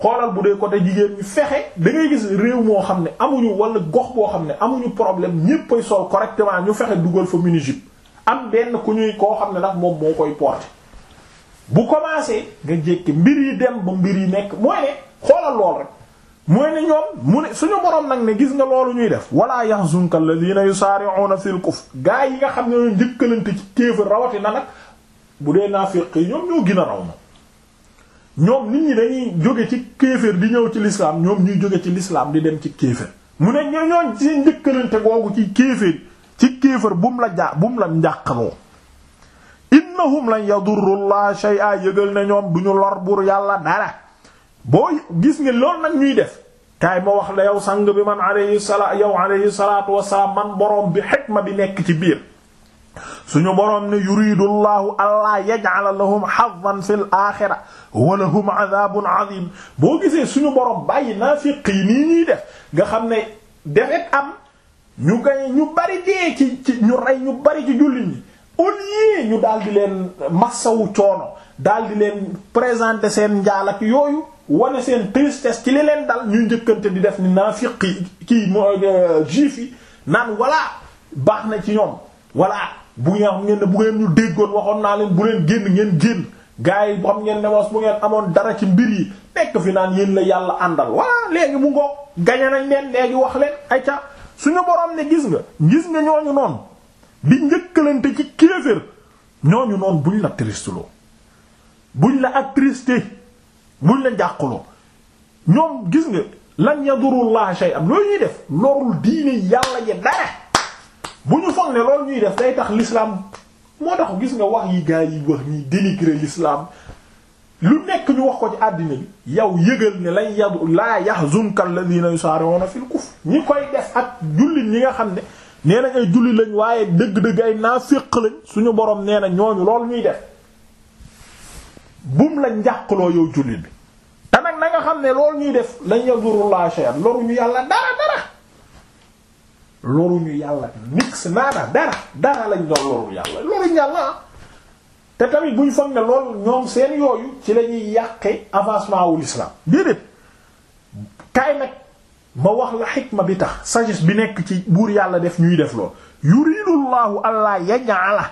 xoolal bu dee côté jigéen ñu fexe da ngay gis réew moo xam ne amuñu walla gox boo xam ne amuñu problème ñépp ay sol correctement ñu fexe dugal fa mini am benn ku ñuy koo xam ne nag moom moo koy porter bu commencé nga jékki mbir yi dem ba mbir yi nekk mooy ne xoolal lool rek mooy ne ñoom mu ne suñu borom nag ne gis nga loolu ñuy def wala yahzunka alladhina yusari'una fil kufr gaa yi nga xam ne ñoo njëkkalante ci kéefër rawati na nag bu dee naafiq yi ñoom ñoo gën a raw ñoom nit ñi dañuy jóge ci kéefër di ñëw ci l'islam ñoom ñuy jóge ci l'islam di dem ci kéefër mu ne ñoo ñooñ ci njëkkalante googu ci kéefër ci kéefër bu mu la jaa bu mu la njàqaloo innahum lan yadurru llaha shay'a yëgal ne ñoom du ñu lor buur yàlla dara boo gis nga loolu nag ñuy def kaay ma wax la yow sang bi man alayhi salaatu yow alayhi salaatu wassalaam man boroom bi ma bi nekk ci biir suñu boroom ne yuridu llahu allaa yaj'ala lahum hazan fil aaxira wa lahum azaabun aziim boo gisee suñu boroom bàyyi naafiq yi nii ñuy def nga xam ne defet am ñu gañe ñu bari dee ci ci ñu rey ñu bari ci jullit ñi ñu daal di leen massawu coono daal di leen présenter seen njaal yooyu wane seen tristesse ci li leen dal ñu njëkkante di def ni naafiq yi kii mooy euh, juif yi naan wala baax na ci ñoom walla bu ngeen xam ngeen ne bu ngeen ñu déggoon waxoon naa leen bu leen génn ngeen génn gars yi bu xam ngeen ne was bu ngeen amoon dara ci mbir yi nekk fi naan yéen la yàlla àndal waa léegi mu ngoog gañe nañ leen léegi wax leen ay ca suñu borom ne gis nga gis nga ñooñu noonu di njëkkalante ci kéefër ñooñu noonu buñ la tristeloo buñ la attristé buñ la jàquloo ñoom gis nga lan yadurullah shay'an loolu ñuy def lorul diine yàlla ji dara bu ñu foog ne loolu ñuy def day tax lislaam moo tax gis nga wax yi gaa yi wax ñuy dénigrer l'islam lu nekk ñu wax ko ci àddina bi yow yëgal ne lañ yadu laa yahzunka alladhina yusari'una fil kufr ñi koy def ak jullit ñi nga xam ne nee nañ lañ waaye dëgg-dëgg ay naafiq lañ suñu boroom nee na ñooñu loolu ñuy def bum la njàqloo yow jullit bi te nag na nga xam ne loolu ñuy def lañ yadurullah shay'an loruñu yàlla dara dara loruñu yàlla nix naana dara dara lañ doon loru yàlla loruñu yàlla te tamit buñ foog ne loolu ñoom seen yooyu ci lañuy ñuy avancement wu l'islam déedéet kaay nag ma wax la xikma bi tax sagis bi nekk ci buur yàlla def ñuy def lool yuridu llahu allaa yaj'ala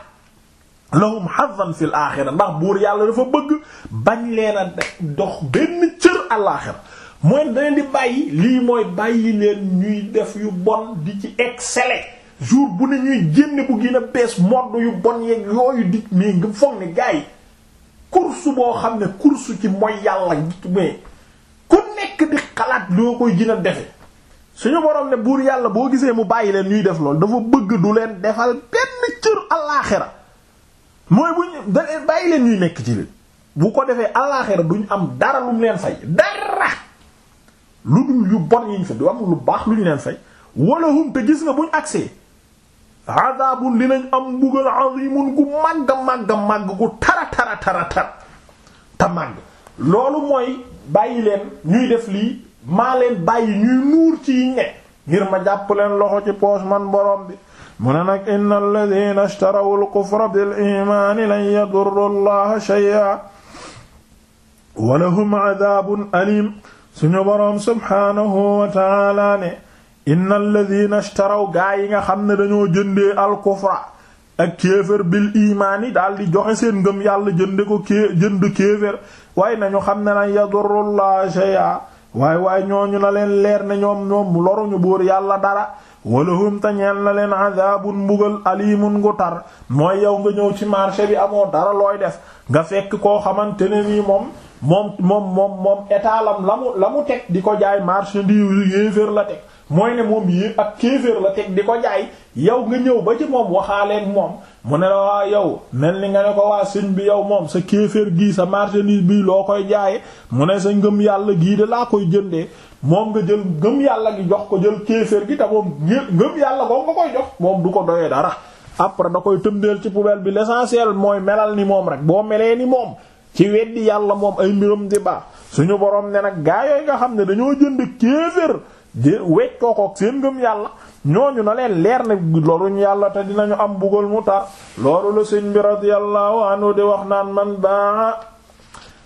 lahum hazan fil axira ndax buur yàlla dafa bëgg bañ leen a dox benn cër àlaxira mooy da di bàyyi lii mooy bàyyi leen ñuy def yu bon di ci exceller jour bu ne ñuy génne bu gën bees modd yu bon yooyu di mais nga foog ne gars yi course boo xam ne kursu ci mooy yàlla mais ku nekk di xalaat loo koy gën a defe suñu borom ne buur yàlla boo gisee mu bàyyi leen ñuy def lool dafa bëgg du leen defal benn cër alaaxira mooy buñ da leen bàyyi leen ñuy nekk ci leen bu ko defee alaaxira duñ am dara lu mu leen fay dara lu dul yu bon yi ñu fa du am lu baax lu ñu leen fay wala hum te gis nga buñ agsee li dinañ am mbugal azimun gu màgg màgg mooy bàyyi def lii maa leen bàyyi ñuy loxo ci man borom bi mu ne nag inna alladhina ishtaraw al-kufra suñu boroom subhaanahu wa taala ne inna alladina ishtaraw gaa yi nga xam ne dañoo jëndee alkufra ak kéefër bil imaan yi daal di joxe seen ngëm yàlla jënde ko ké jënd kéefër waaye nañu xam ne nañ yadurullah shay'a waaye waaye ñooñu na leen leer ne ñoom ñoom loruñu buur yàlla dara walahum te ñeel na leen adabun mbugal alimun ngu tar mooy yow nga ñëw ci marché bi amoo dara looy def nga fekk koo xamante ne nii moom moom moom moom moom état la mu la mu teg di ko jaay marchandise yu yéeféer la teg mooy ne moom yépp ak kéeféer la teg di ko jaay yow nga ñëw ba ci moom waxaaleen moom mu ne la waa yow mel ni nga ne ko waa sëñ bi yow moom sa kéeféer gii sa marchandise bii loo koy jaaye mu ne sa ngëm yàlla gii de laa koy jëndee moom nga jël ngëm yàlla gi jox ko jël kéeféer gi te moom ngëm yàlla boo nga koy jox moom du ko doyee dara après da koy tëmbeel ci poubelle bi l'essentiel mooy melal ni moom rek boo melee ni moom ci weddi yàlla moom ay mbiram di baax suñu boroom ne nag gaa yooyu nga xam ne dañoo jënd kéefër di weccoo ko seen ngëm yàlla ñooñu na leen leer ne loruñu yàlla te dinañu am bugal mu tar loolu la sëñ bi radiyallahu anhu di wax naan man baa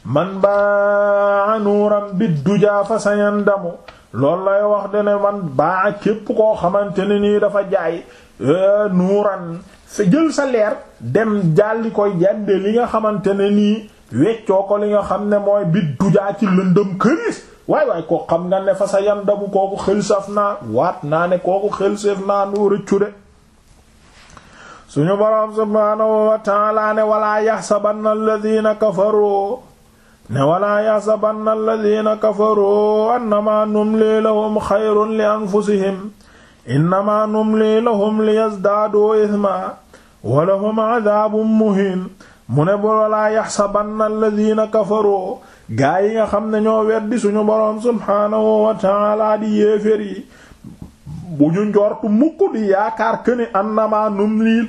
man baa nuuram bi dujaa fa sayandamu loolu lay wax de ne man baa képp koo xamante ne nii dafa jaay euh, nuuran sa jël sa leer dem jàlli koy jànde li nga xamante nii weccoo ko li nga xam ne mooy bi dujaa ci lëndëm këris waay waay koo xam nga ne fa sa yandabu kooku xëlsaf naa waat naa ne kooku xëlsaf naa nu rëccu de suñu boroom subhaanahu wa ta'ala ne walaa yaxsabanna alladhina kafaru ne walaa yaxsabanna numli lahum xayrun li anfusihim innama numli lahum liyazdadu ithma wa lahum adhabun muhin mu ne boolaa yaxsabanna alladina kafaroo gaa yi nga xam ne ñoo weddi suñu boroom subhaanahu wa di yéefér yi bu ñu njortu mukk di yaakaar këni annama numli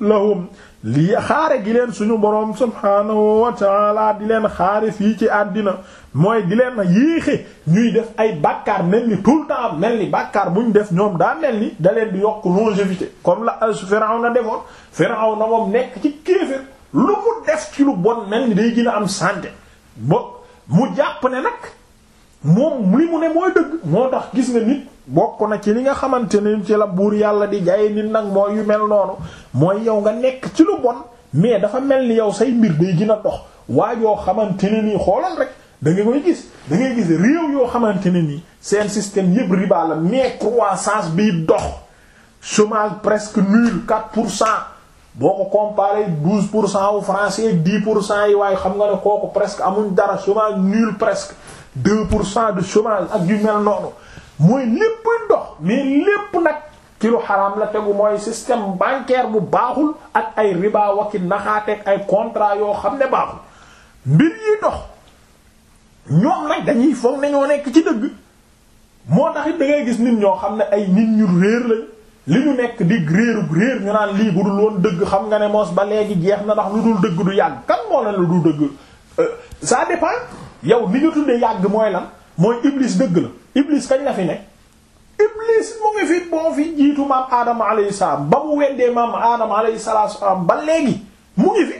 lahum lii xaare gi leen suñu boroom subhaanahu wa taala di leen xaare fii ci àddina mooy di leen yéexe ñuy def ay bàkkaar mel ni tout le temps mel ni bàkkaar bu ñu def ñoom daa mel ni da leen di yokk longévité comme la Firawna defoon na moom nekk ci kéefér lu mu def ci lu bon mel ni day gën a am santé ba mu jàpp ne nag moom li mu ne mooy dëgg moo tax gis nga nit bokk na ci li nga xamante ne ci la buur yàlla di jaay nit nag mooy yu mel noonu mooy yow nga nekk ci lu bon mais dafa mel ni yow say mbir day gën a dox waa yoo xamante ne nii xoolal rek da nga koy gis da ngay gis réew yoo xamante ne nii seen système yëpp riba la mais croissance biy dox chômage presque nul 4 pour cent boo ko comparé douze pour cent wu français dix pour cent yi waaye xam nga ne kooku presque amuñ dara chômage nul presque deux pour cent de chômage ak ju mel noonu mooy lépp dox mais lépp nag kilo lu la tegu mooy système bancaire bu baaxul ak ay riba waki naxaateeg ay contrat yoo xam ne baaxul mbir yi dox ñoom nag dañuy foog ne nekk ci dëgg moo tax it da ngay gis nit ñoo xam ne ay nit ñu réer lañ. li ñu nekk di réerug réer ñu naan lii bu dul woon dëgg xam nga ne moos ba léegi jeex na ndax lu dul dëgg du yàgg kan moo la lu dul dëgg euh, ça yow li nga tuddee yàgg moo lan mooy iblis dëgg la iblis kañ la fi ne iblis mu ngi jiitu maam aadama alayhi salaam ba mu weddee maam aadama alayhi salaam ba léegi mu ngi fi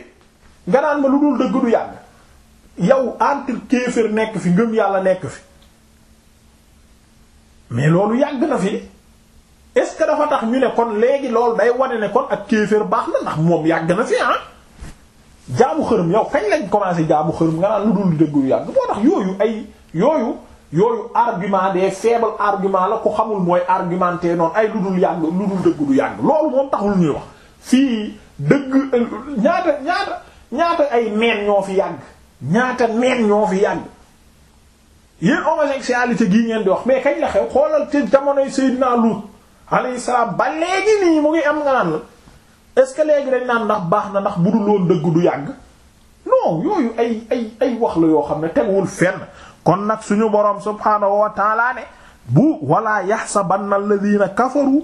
nga naan ma lu dul dëgg du yàgg yow entre kéefër nekk fi ngëm yàlla nekk fi mais loolu yàgg na fi est-ce que dafa tax ñu ne kon léegi loolu day wane ne kon ak kéefër baax na ndax moom yàgg na fi ah jaamu xërëm yow kañ lañ commencé jaamu xërëm nga naan lu dul yàgg moo tax yooyu ay yooyu yooyu argument des faibles argument la ku xamul mooy argumenté ay lu dul yàgg dëgg du yàgg loolu moom taxul ñuy wax fii dëgg ñaata ñaata ñaata ay neen ñoo fi yàgg ñaata neen ñoo fi yàgg yéen homosexualité gii ngeen di wax mais kañ la xew xoolal ci jamonoy Seydina Lut alayhi salaam ba léegi nii mu ngi am nga naan la est léegi dañ naan ndax baax na ndax bu dul woon dëgg du yàgg non yooyu ay yoo xam ne teguwul fenn kon nag suñu boroom subhaanahu wa taala ne bu wala yaxsabanna alladina kafaru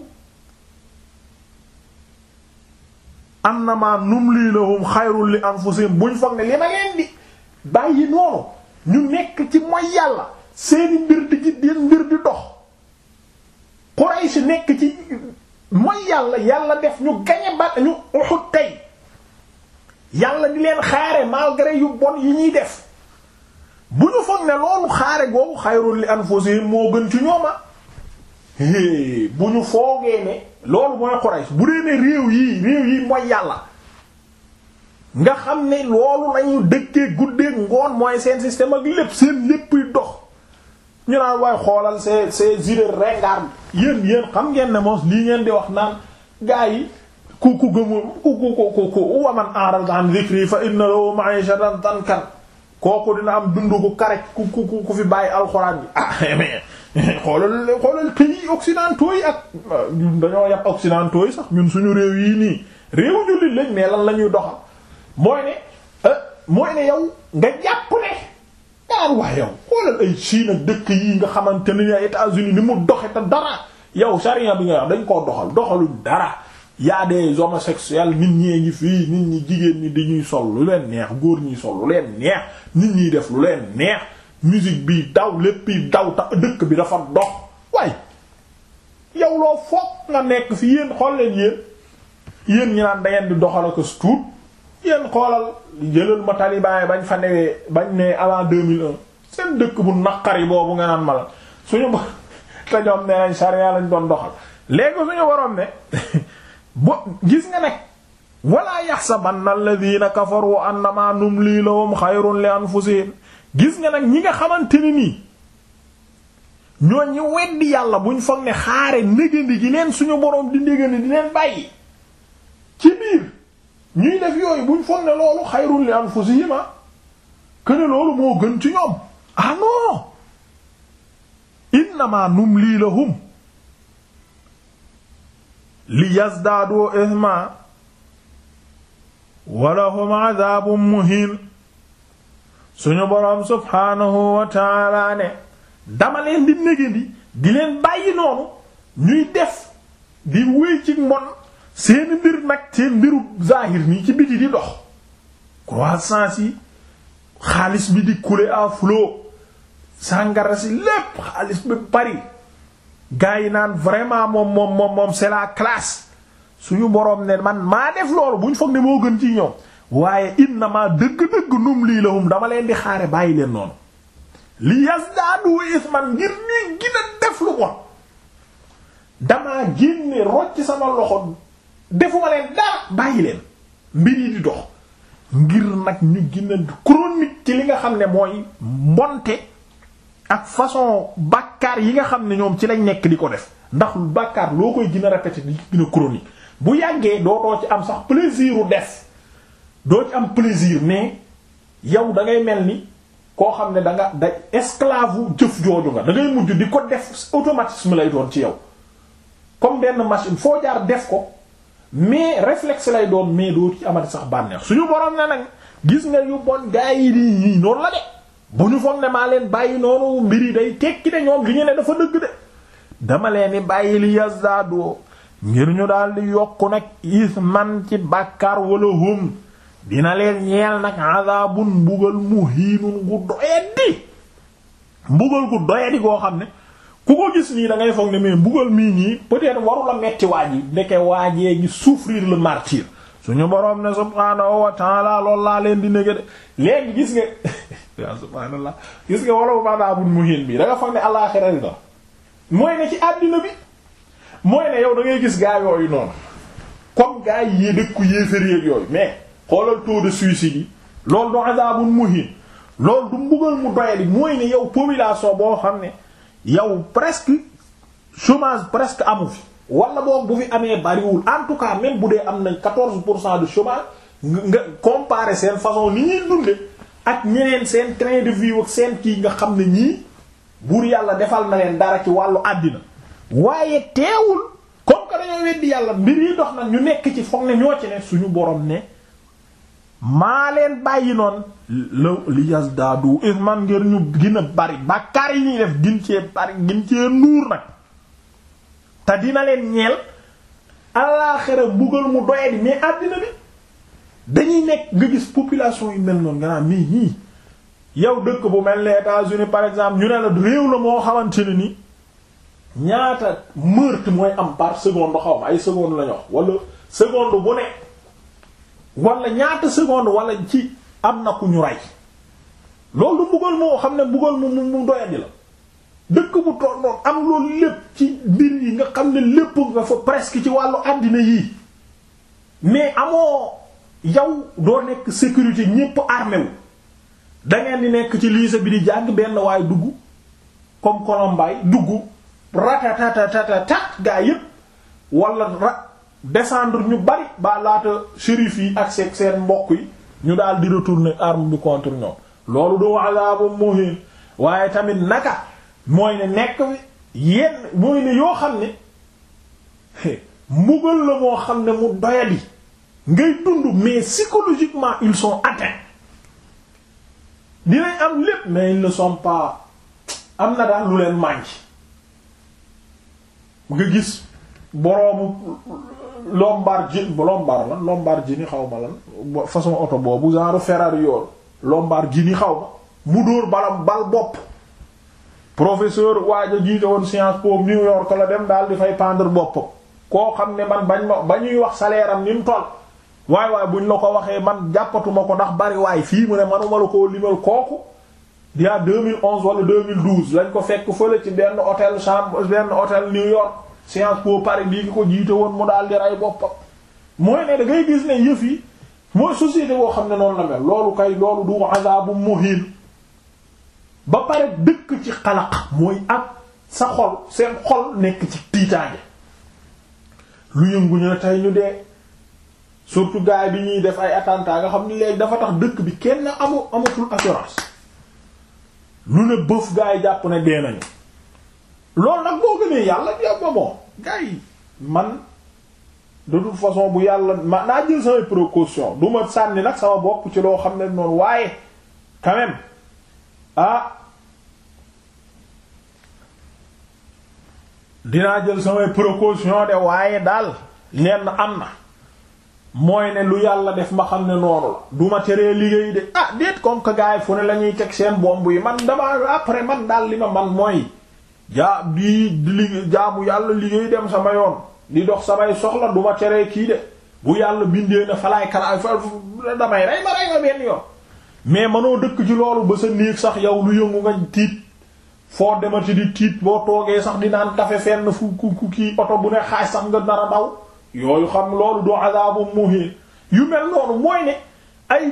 li anfusihim buñ foog noonu ñu nekk ci mooy yàlla seeni mbir di ci mbir di dox si nekk ci mooy yàlla yàlla def ñu gañe ba ñu Uhud tey yàlla di leen xaare malgré yu bon yi ñuy def bu ñu foog ne loolu xaare googu xayrul li anfusihim moo gën ci ñooma bu ñu foogee ne loolu mooy Quraysh bu dee ne réew yi réew yi mooy yàlla nga xam ne loolu lañu dëkkee guddee ngoon mooy seen système ak lépp seen lépp dox ñu naan waaye xoolal ces ces idées ringardes yéen yéen xam ngeen ne moos lii ngeen di wax naan gaa yi ku ku gëmul ku ku ku ku an dhikri fa kooku dina am dundu gu ku ku fi bàyyi alxuraan bi ah mais xoolal xoolal pays occidentaux yi ak dañoo yàpp occidentaux sax ñun suñu réew yi nii réewu jullit lañ mais lan la ñuy doxal mooy ne euh, mooy ne yow nga jàpp ne daar ah, waa xoolal ay Chine ak dëkk yi nga xamante ni ay États-Unis ni mu doxe te dara yow charia bi nga wax dañ koo doxal doxalu dara y'a des homosexuels nit ñee ngi fii nit ñi jigéen ñi dañuy sol lu leen neex góor ñi sol lu leen neex nit ñiy def lu leen neex musique bi daw lépp daw te dëkk bi dafa dox waaye yow loo foog nga nekk fi yéen xool leen yéen yéen ñi naan da ngeen di doxal ak stuut yéen xoolal jëlal ma taliban bañ fa newee bañ ne avant 2001 seen dëkk bu naqari boobu nga naan ma la suñu bo te ñoom nee nañ sariya lañ doon doxal léegi suñu waroon ne bo gis nga nag wala yaxsabanna alladhina kafaru annama numli lahum xayrun li anfusihim gis nga nag ñi nga xamante ni nii ñoo ñi weddi yàlla buñ foog ne xaare négandi gi leen suñu boroom di négandi di leen bàyyi ci biir ñuy def yooyu buñ foog ne loolu xayrun li anfusihim que ah. ne loolu moo gën ci ñoom ah non innama numli lahum li yazdaadu ithma wa lahum adhabun muhin suñu boroom subhaanahu wa ne dama leen di négandi di leen bàyyi noonu ñuy def di wéy ci mbon seeni mbir nag seen mbiru zahir nii ci biti di dox croissance xaalis bi di couler à sàngara si lépp xaalis bi bari gars yi naan vraiment moom moom moom moom c'est la classe suñu boroom ne man maa def loolu bu ñu foog ne moo gën ci ñoom waaye inna maa dëgg-dëgg num lii lahum dama leen di xaare bàyyi leen noonu li yasdaadu isman ngir ñuy gina def damaa génne rocc sama loxo defuma leen dara bàyyi leen mbir yi di dox ngir nag ñu gina chronique ci li nga xam ne mooy mbonte ak façon bàkkaar yi nga xam ne ñoom ci lañ nekk di ko def ndax bàkkaar loo koy gën a répété di gën a chronique bu yàggee doo doo ci am sax plaisir u def doo ci am plaisir mais yow da ngay mel ni koo xam ne danga nga da esclave jëf jooju nga da ngay mujj di ko def automatisme lay doon ci yow comme benn machine foo jaar def ko mais réflexe lay doon mais doo ci amati sax bànneex su ñu borom na nag gis nga yu bon gaa yi di ñii noonu la de bu ñu foog ne maa leen bàyyi noonu mbir yi day tekki ne ñoom li ñu ne dafa dëgg de dama leen di bàyyi li yazdaadoo ngir ñu daal di yokk nag man ci bàkkaar wala hum dina leen ñeel nag azabun mbugal muhiinun gu doyadi mbugal gu doyadi goo xam ne ku ko gis nii da ngay foog ne mais mbugal mii nii peut-être waru la metti waaj yi ndeke waajee gi souffrir le martyre suñu boroom ne subhaanahu wa ta'ala laa leen di négé de léegi gis nga yaa subhaanallah gis nga wala madaabul muhin bi da nga foog ne alaaxira la mooy ne ci àddina bi mooy ne yow da gis gaa yooyu noonu comme gaa yi dëkku yéeféréeg yooyu mais xoolal taux de suicide yi loolu du adaabul muhin loolu du mbugal mu doyadi mooy ne yow population boo xam ne yow presque chômage presque amu fi wala boog bu fi amee bariwul en tout cas même bu dee am nañ 14 pour cent de chômage nga comparer seen façon ni ñuy ak ñeneen seen train de vie ak seen kii nga xam ne ñii buur yàlla defal na leen dara ci wàllu àddina waaye teewul comme que dañoo weddi yàlla mbir yi dox nag ñu nekk ci foog ne ñoo ci ne suñu boroom ne maa leen bàyyi noon law li yasdaadu isman ngir ñu gën a bari bàkkaar yi ñuy def gin cee bari gin cee nuur nag te dina leen ñeel alaaxira bugal mu doyadi mais àddina bi dañuy nekk nga gis population yu mel noonu nga naan mii ñii yow dëkk bu mel ne États-Unis par exemple ñu ne la réew la moo xamante ne ni ñaata meurtre mooy am par seconde xaw ma ay seconde lañu wax wala seconde bu ne wala ñaata seconde wala ci am na ku ñu rey loolu du mbugal moo xam ne mbugal mu mu doyadi la dëkk bu toll noonu am loolu lépp ci mbir yi nga xam ne lépp nga fa presque ci wàllu àddina yii mais amoo. yow doo nekk sécurité ñépp armé wu da ngeen di nekk ci lycée bi di jàng benn waaye dugg comme Colombay dugg ratatatatatatat gaa yépp wala ra descendre ñu bari ba laata shérif yi ak seen seen mbokk yi ñu daal di retourner arme bi contre ñoom loolu du azaabu muhin waaye tamit naka mooy ne nekk yenn mooy ne yoo xam ne mbugal la moo xam ne mu doyali ngay dund mais psychologiquement ils sont atteints dinañ am lépp mais ils ne am na daal lu leen mànk nga gis boroomu Lamborghini Lamborghini lan Lamborghini xaw ma lan façon oto boobu genre Ferrari ji Lamborghini xaw ma mu dóor balam bal bopp professeur waaja jiite woon Sciences Po New York la dem daal di fay pendre boppam koo xam ne man bañ ma ba wax salaire am ni mu toll waay waay buñ la ko waxee man jàppatuma ko ndax bari waaye fii mu ne manuma la koo limal kooku dia 2011 wala 2012 lañ ko fekk fële ci benn hôtel chambre benn hôtel New York Sciences Po Paris bii ki ko jiite woon mu daal di rey boppam mooy ne da ngay gis ne xam ne noonu la mel loolu kay loolu du azabu muhin ba pare dëkk ci xalaq mooy ak sa xol seen xol nekk ci tiitaange lu yënguñu ne tey ñu dee surtout gars bi ñuy def ay attentat nga xam ni léegi dafa tax dëkk bi kenn amu amatul assurance lu ne bëf gars yi jàpp ne dee nañu loolu nag boo gënee yàlla yow ba bon gars yi man de façon bu yàlla ma naa jël samay précaution du sànni nag sama bopp ci loo xam ne noonu waaye quand ah dinaa jël samay précaution de waaye daal lenn am na. mooy ne lu yàlla def ma xam ne noonu la du teree liggéey de ah déet comme que fu ne la ñuy teg seen bomb yi man dama après man daal li ma man mooy jaa di liggéey jaamu yàlla liggéey dem sama yoon di dox samay soxla du ma teree kii de bu yàlla bindee na falaay karaay fa damay rey ma rey ma benn yoon mais manoo dëkk ci loolu ba sa néeg sax yow lu yëngu nga tiit foo demati di tiit boo toogee sax di naan kafe fenn fu ku kii oto bu ne xaaj sax nga a daw yooyu xam loolu du azabum muhin yu mel noonu mooy ne ay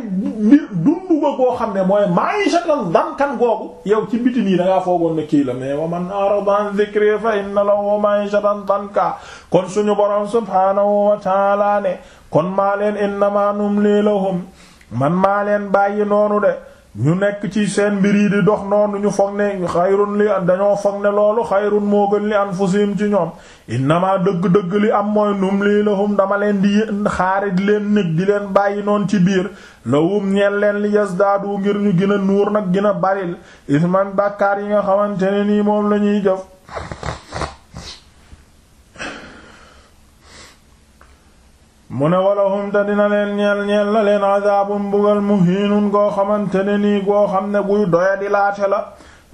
mbir dundu ba goo xam ne mooy ma'ishatan dankan googu yow ci biti nii da foogoon ne kii la man arada an dhikri fa inna lahu ma'ishatan danka kon suñu borom subhanahu wa ta'ala ne kon maa leen innama numli man maa leen noonu de ñu nekk ci seen mbir yi di dox noonu ñu foog ne xayrun li dañoo foog ne loolu xayrun moo gën li anfusihim ci ñoom innama dëgg-dëgg li am mooy num lii lahum dama leen di xaare di leen nëg di leen bàyyi noon ci biir lawum ñeel leen li yasdaadu ngir ñu gën a nuur nag gina a baril isman bàkkaar yi nga xamante ne nii moom la ñuy jëf mu ne walahum te dina leen ñeel ñeel na leen adaabun mbugal muhiinun goo xamante ne nii goo xam ne guy doya di laate la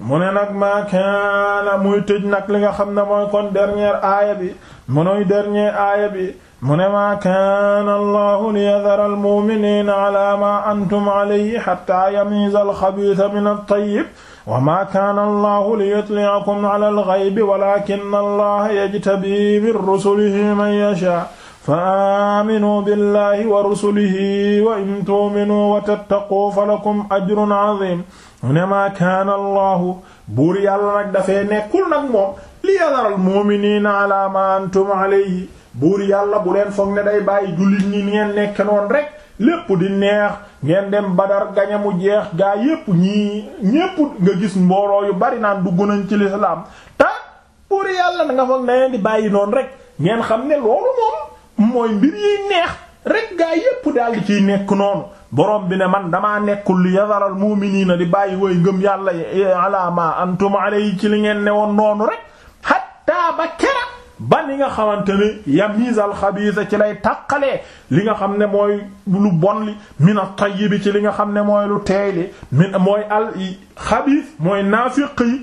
mu ne nag maa kaana muy tëj nag li nga xam ne mooy kon dernière aaya bi mu noy dernier aaya bi mu ne maa kaana allahu liyadara almuminina ala maa antum alayhi xatta yamiiza alxabiisa min altayyib wa maa kaana allahu liyutliakum ala alxaybi walakin allaha yajtabi min rusulihi man yashaa fa aminu billahi wa rusulihi wa in tu'minu wa tattaqu falakum ajrun azim ne maa kaana allahu buur yàlla nag dafee nekkul nag moom li yadaral mu'minina ala alayhi buur yàlla bu leen foog ne day bàyyi jullit ñi ngeen nekk noon rek lépp di neex ngeen dem badar gañe jeex gaa yépp ñépp nga gis mbooloo yu bari naan dugg nañ ci lislaam ta buur yàlla na nga foog ne di bàyyi noonu rek ngeen xam ne loolu moom mooy mbir yiy neex rek gaa yépp daal di nekk noonu borom bi ne man dama nekkul li yazaral mu'minina di bàyyi woy ngëm yàlla eh, ala ma antum alayhi ci li ngeen ne woon noonu rek hatta ba kera ba ni nga xamante ne yamizal xabiisa ci lay tàqalee li nga xam ne mooy lu bon li min ci li nga xam ne mooy lu teey li mooy al xabiis mooy naafiq yi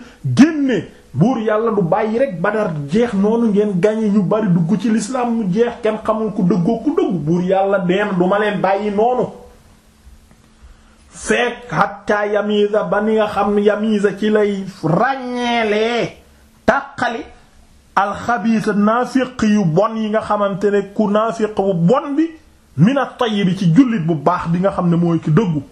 buur yàlla du bàyyi rek badar jeex noonu ngeen gañe ñu bari dugg ci lislaam mu jeex kenn xamul ku dëggoo ku dëggu buur yàlla deen du ma leen bàyyi noonu fekk hatta yamiza ba ni nga xam yamiza ci lay ràññeelee tàqali alxabiisa naafiq yu bon yi nga xamante ne ku naafiq bu bon bi mina tayyib bi ci jullit bu baax bi nga xam ne mooy ki dëggu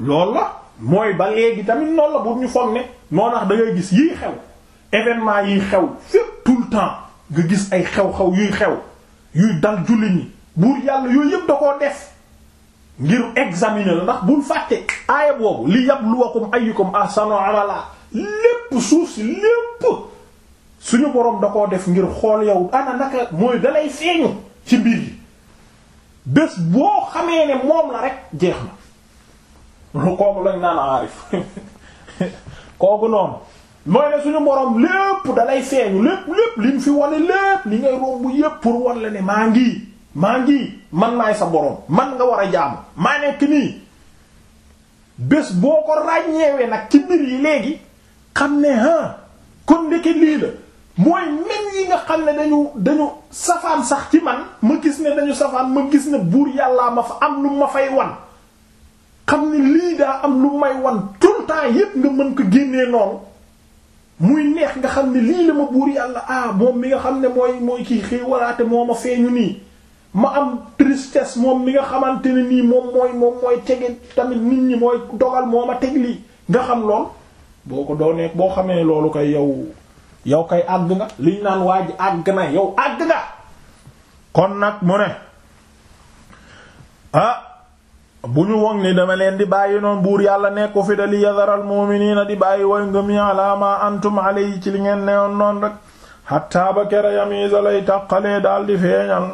loolu la mooy ba léegi tamit noonu la bu ñu foog ne moo tax da gis yii xew événement yiy xew fépp tout le temps nga gis ay xew-xew yuy xew yuy dal julli ñi buur yàlla yooyu yëpp da koo def ngir examiner la ndax fàtte aaya boobu li yabluwakum ayyukum ahsanu amala lépp suuf si lépp suñu boroom da koo def ngir xool yow ana naka mooy dalay feeñu ci mbir yi bés boo xamee ne moom la rek jeex na lu kooku lañ naan aarif kooku noonu mooy ne suñu borom lépp dalay feeñu lépp li mu fi wane lépp li ngay romb yépp pour wan la ne maa ngi maa ngi man maay sa borom man nga war a jaamu maa nekk nii bés boo ko ràññeewee nag ci mbir yi léegi xam ne ha kon ndeke lii la mooy même yi nga xam ne dañu dañu safaan sax ci man ma gis ne dañu safaan ma gis ne buur yàllaa ma fa am lu ma fay wan xam ne lii daa am lu may wan tout le temps yépp nga mën ko génnee noonu muy neex nga xam ne lii la ma buur yàlla ah moom mi nga xam ne mooy mooy kii xéewalaate moo ma feeñu nii ma am tristesse moom mi nga xamante ne nii moom mooy moom mooy tege tamit nit ñi mooy dogal moo ma teg lii nga xam lool boo ko doo nekk boo xamee loolu koy yow yow koy àgg nga liñ naan waa ji àgg na yow àgg nga kon nag mu ne ah, bu ñu wog dama leen di bàyyi noon buur yàlla nekku fi da li yadaral mu'minina di bàyyi way ngëm yi alaama antum alayhi ci li ngeen newoon noon rek xattaa ba kera yamiisa lay tàqalee daal di feeñal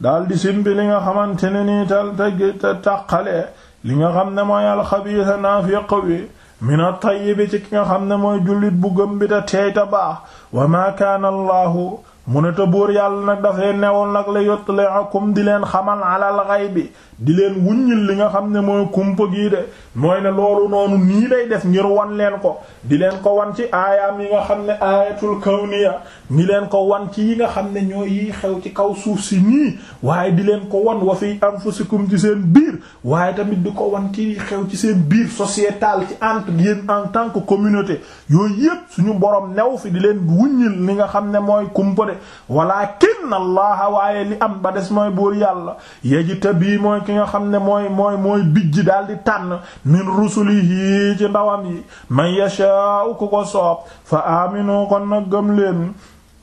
daal di simbi li nga xamante ne nii tal te tàqalee li nga xam ne mooy alxabiisa naafiq bi mina tayyibi ci ki nga xam ne mooy jullit bu gëm te teey te baax wa maa kaana allahu mu ne te buur yàlla nag dafay newoon nag la yutle akum di leen xamal alal xay bi di leen wuññil li nga xam ne mooy kumpa gii de mooy ne loolu noonu nii lay def ngir wan leen ko di leen ko wan ci aayaam yi nga xam ne aayatul kawniya ni leen ko wan ci yi nga xam ne ñooy yi xew ci kaw suuf si nii waaye di leen ko wan wa fi anfusikum ci seen biir waaye tamit di ko wan ci xew ci seen biir sociétal ci entre yéen en tant que communauté yooy yépp suñu borom new fi di leen wuññil li nga xam ne mooy kumpa de walakin allaha waaye li am ba des mooy buur yàlla yejita bii mooy ki nga xam ne mooy mooy mooy bijj daal di tànn rusuli rusulihi ci ndawam yi man yasha'u ku ko soob fa aminu kon nag gëm leen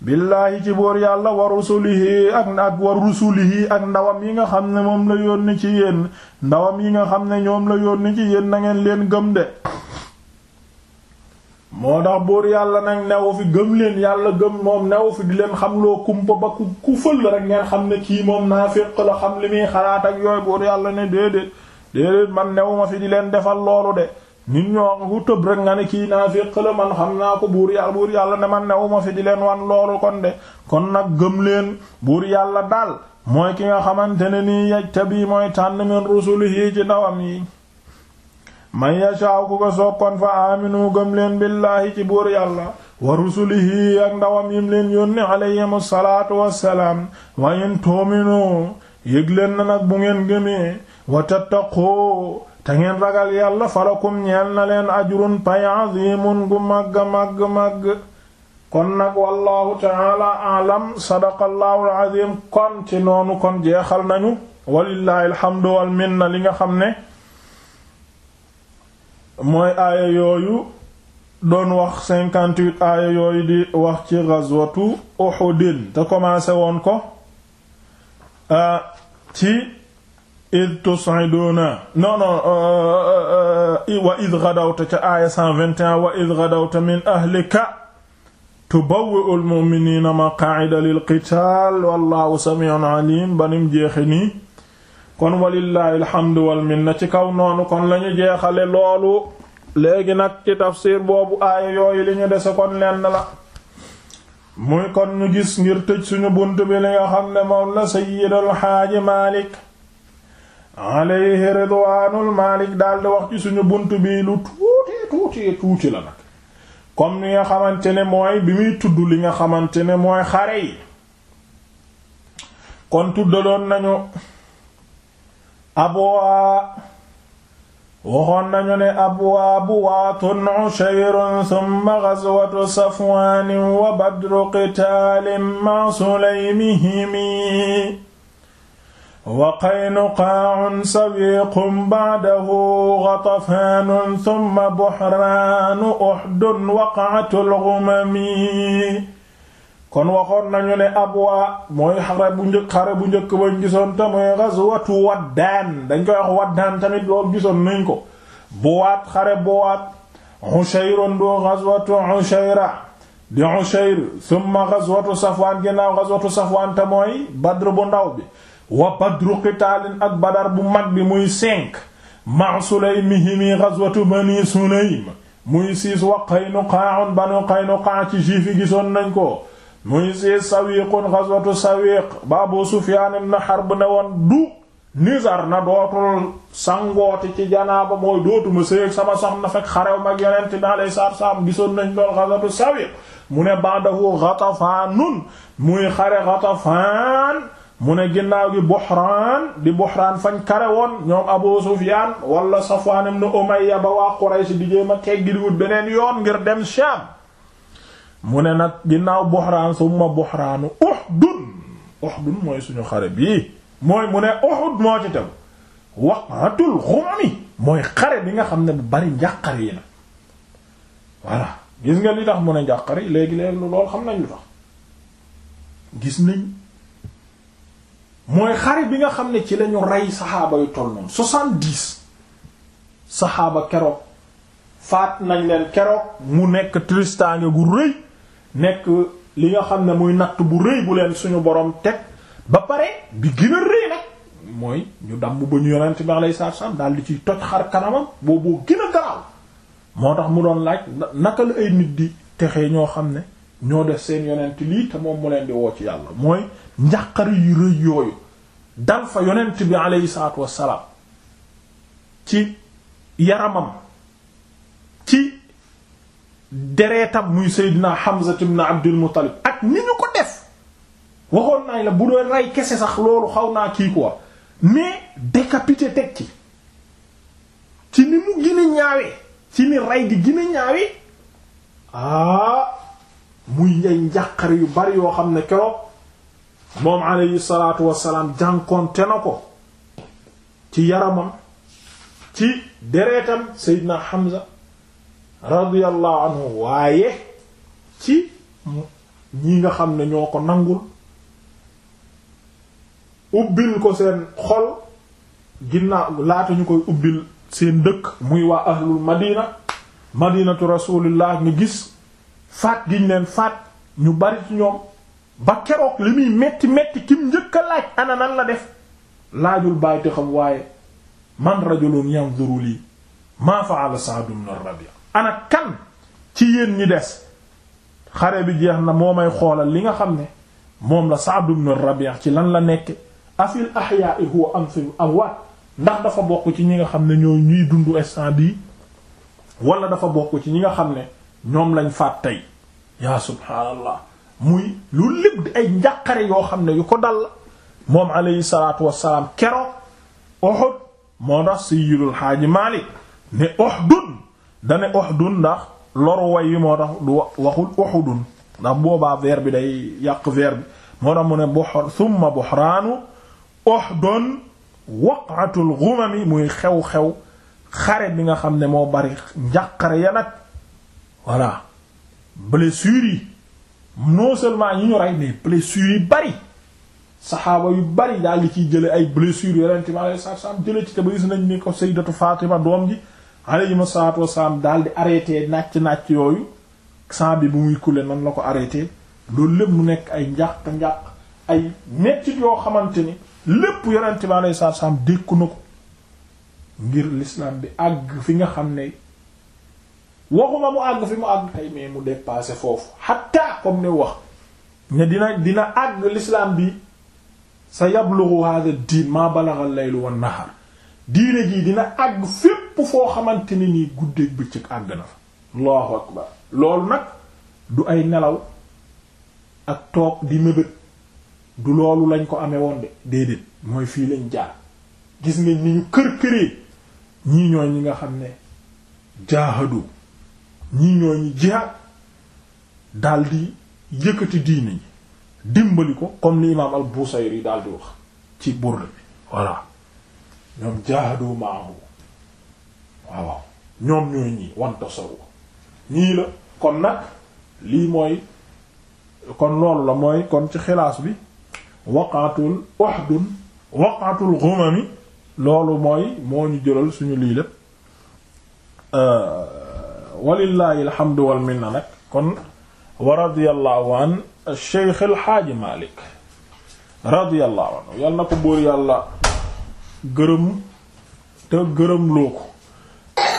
billaahi ci boor yàlla wa rusulihi ak ak wa rusulihi ak ndawam yi nga xam ne moom la yónni ci yéen ndawam yi nga xam ne ñoom la yónni ci yéen na leen gëm de moo tax buur yàlla nag newu fi gëm leen yàlla gëm moom newu fi di leen xam loo kumpa ba ku ku fël rek ngeen xam ne kii moom naa naafiq la xam li muy xalaat ak yooyu buur yàlla ne déedéet déedéet man newu ma fi di leen defal loolu de nit ñoo ku tëb rek nga ne kii naafiq la man xam naa ko buur yàlla buur yàlla ne man newu ma fi di leen wan loolu kon de kon nag gëm leen buur yàlla daal mooy ki nga xamante ne nii yaj tabi mooy tànn min rusulihi ci yi man yashaaw ku ko soppan fa aminu gëm leen billaahi ci buur yàlla wa rusulihi ak ndawam yim leen yónni alayhimu salaatu wassalaam wa in tu'minu yëg leen na nag bu ngeen gëmee wa tattaqoo te ngeen ragal yàlla falakum ñeel na leen ajrun pay azimun gu màgg màgg màgg kon nag wallahu taala alam sadaqallahu alazim kon ci noonu kon jeexal nañu walillahi alhamdu wal minna li nga xam ne mooy aaya yooyu doon wax cinquante-huit aaya yooyu di wax ci ghazwatu Uhud te commencé woon ko euh, ci id tus'iduna non non euh, euh, wa id ghadawta ca aaya 121 wa id ghadawta min ahlika tubawwi'u al-mu'minina maqa'ida lil qital wallahu sami'un alim banim jeexe nii kon walillahi alhamdu wal na ci kaw noonu kon lañu jeexale loolu léegi nag ci tafsir boobu aaya yooyu li ñu dese kon lenn la muy kon ñu gis ngir tëj suñu bunt bi li nga xam ne moom la sayyidul xaaji Maalik alayhi ridwaanul Maalik daldi wax ci suñu bunt bi lu tuuti tuuti la nag comme ni nga xamante ne mooy bi muy tudd li nga xamante ne mooy xare yi kon tuddaloon nañu abwaa waxoon nañu ne abwaa buwaatun ushayrun thumma ghazwatu safwaanin wa badru qitaalin ma sulaymihimi wa qaynuqaa'un sawiiqun ba'dahu ghatafaanun thumma buhraanu uhdun waqa'atul ghumami kon waxoon nañu ne abwa mooy xare bu njëkk xare bu njëkk bañ gisoon mooy ghazwatu waddaan dañ koy wax waddaan tamit loolu gisoon nañ ko buwaat xare buwaat ushayrun du ghazwatu ushayra di ushayr thumma ghazwatu safwaan ginnaaw ghazwatu safwaan te mooy badr bu ndaw bi wa badru qitaalin ak badar bu mag bi muy cinq ma sulaymihimi ghazwatu bani sunaym muy siis wa qaynuqaa ci juif gisoon nañ ko muy si sawiqun ghazwatu sawiq ba Abu Sufyaan ibn Harb woon du nizar na dootul sangooti ci janaaba mooy dootuma sëyeeg sama soxna fekk xarew mag yonent bi alayhi salaatu wassalaam gisoon nañ lool ghazwatu mu ne ba'dahu Ghatafaanun muy xare Ghatafaan mu ne ginnaaw gi Buhraan di Buhraan fañ kare woon ñoom Abu Sufyaan wala Safwaan ibn Umayya ba waa Quraysh di jéem a teggi di wut beneen yoon ngir dem Shaam mu ne nag ginnaaw buxraan summa buxraanu uxdun uxdun mooy suñu xare bii mooy mu ne uxud moo ci tegu waqatul xumami mooy xare bi nga xam ne bu bari njàqare yi na voilà gis nga li tax mu ne njàqare yi léegi-léegi lu lool xam nañ lu tax gis nañ mooy xare bi nga xam ne ci lañu rey saxaaba yu toll noonu soixante-dix saxaaba keroog faat nañ leen keroog mu nekk tristange gu rëy nekk li nga xam ne muy natt bu rëy bu leen suñu boroom teg ba pare bi gën a rëy nag mooy ñu damb ba ñu yonent bi alayhi salaatu wasallam daal di ciy toj xar kanamam boobu gën a garaaw moo tax mu doon laaj naka la ay nit di texee ñoo xam ne ñoo def seen yonent lii te moom mu leen di woo ci yàlla mooy njàqari yu rëy yooyu dal fa yonent bi alayhi salaatu wassalaam ci yaramam ci dereetam muy Seydina Hamza ibn Abdul Muttalib ak ni ñu ko def waxoon nañ la bu doon rey kese sax loolu xaw naa kii quoi mais décapité teg ci ci ni mu gën ñaawee ci ni rey di gën ñaawee ah muy ay yu bari yoo xam ne keroog moom alayhi salaatu wassalaam jànkoonte na ko ci yaramam ci dereetam Seydina Hamza radiyallahu anhu waaye ci ñi nga xam ne ñoo ko nangul ubbil ko seen xol ginnaaw laata ñu koy ubbil seen dëkk muy waa ahlul madina madinatu rasulillah nga gis faat giñ leen faat ñu bari ci ñoom ba keroog li muy metti metti kim njëkk laaj ana la def laajul bàyyite xam waaye man rajulun yanzuru lii maa fa'ala Sa'd ibn Rabi' ana kan ci yéen ñi des xare bi jeex na moo may xoolal li nga xam ne moom la Sa'd ibn Rabi' ci lan la nekk afil ahya'i huwa am fi amwaat ndax dafa bokk ci ñi nga xam ne ñoo ñuy dundu instant bii wala dafa bokk ci ñi nga xam ne ñoom lañ faat tey yaa subhaanallah muy lu lépp di ay njàqare yoo xam ne yu ko dal la moom alayhi salaatu wassalaam kero Uhud moo tax Sayyidul Haaji Maalik ne Uhdun dane dun ndax loru way yi moo tax du waxul Uhudun ndax boobaa verbe bi day yàq veer bi moo tax mu ne buhr thumma buhraanu Uhdun waqatul ghumami muy xew-xew xare bi nga xam ne moo bari njàqare ya nag voilà blessures yi non seulement ñu ñu rey mais blessures yi bari saxaaba yu bari daal li ciy jële ay blessures yonent bi alayhi salaatu salaam jële ci te ba nañ ni ko sayyidatu Fatima doom ji alayhim salaatu wasalaam dal di arrêté nàcc-nàcc yooyu sang bi bu muy couler nan la ko arrêté loolu lépp mu nekk ay njàq-njàq ay mettit yoo xamante ni lépp yonent bi alayhi salaatu wasalaam dékku na ko ngir l'islam bi àgg fi nga xam ne waxuma mu àgg fi mu àgg tey mais mu dépassé foofu hatta comme ni wax ne dina dina àgg l'islam bi sa yablughu hadha ad-din ma balagha al-layl wan-nahar diine jii dina àgg fépp foo xamante ni nii guddeeg bëccëg àgg na fa allahu akbar loolu nag du ay nelaw ak toog di mébét du loolu lañ ko ame woon de déedéet mooy fii lañ jaar gis nga ni ñu kër këree ñii ñooy ñi nga xam ne jaahadu ñii ñooy ñi daldi yëkkati diine yi dimbali ko comme li imaam al-Busayri daldi wax ci burda bi voilà ñoom jaahadu maahu waaw ñoom ñooy ñii wantasaru ñii la kon nag lii mooy kon loolu la mooy kon ci xilaas bi waqatul uhdun waqatul ghumami loolu mooy moo ñu jëlal suñu lii lépp walillahi alhamdu wal minna kon wa radiyallahu an cheikh alxaaji malik radiyallahu anhu yal na ko buur yàlla gërëm te gërëm loo ko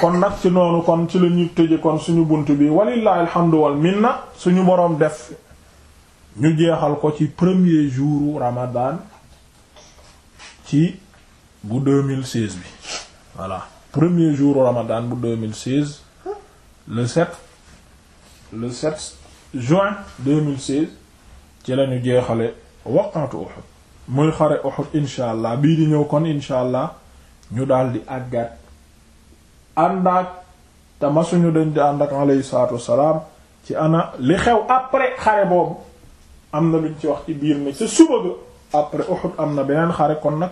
kon nag ci noonu kon ci la ñu tëje kon suñu bunt bi walillahi alhamdu wal minna suñu boroom def ñu jeexal ko ci premier jour ramadan ci bu 2016 bi voilà premier jour ramadan bu 2016 le 7 le juin 2016 ci lañu jeexale waqantu Uhud muy xare Uhud incha allah bii di ñëw kon incha allah ñu daldi àggat àndaak te suñu dañ di ànd ak alayhi salaatu wassalaam ci ana li xew après xare boobu am na luñ ci wax ci biir ne ca suba ga après Uhud am na beneen xare kon nag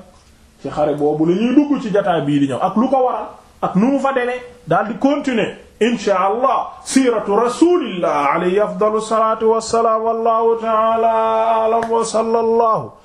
ci xare boobu la ñuy dugg ci jataay bii di ñëw ak lu ko waral ak nu mu fa demee daal di continuer insha allah siiratu rasulillah alayhi afdalu salatu wassalam wallahu ta'ala a'lam wa sallallahu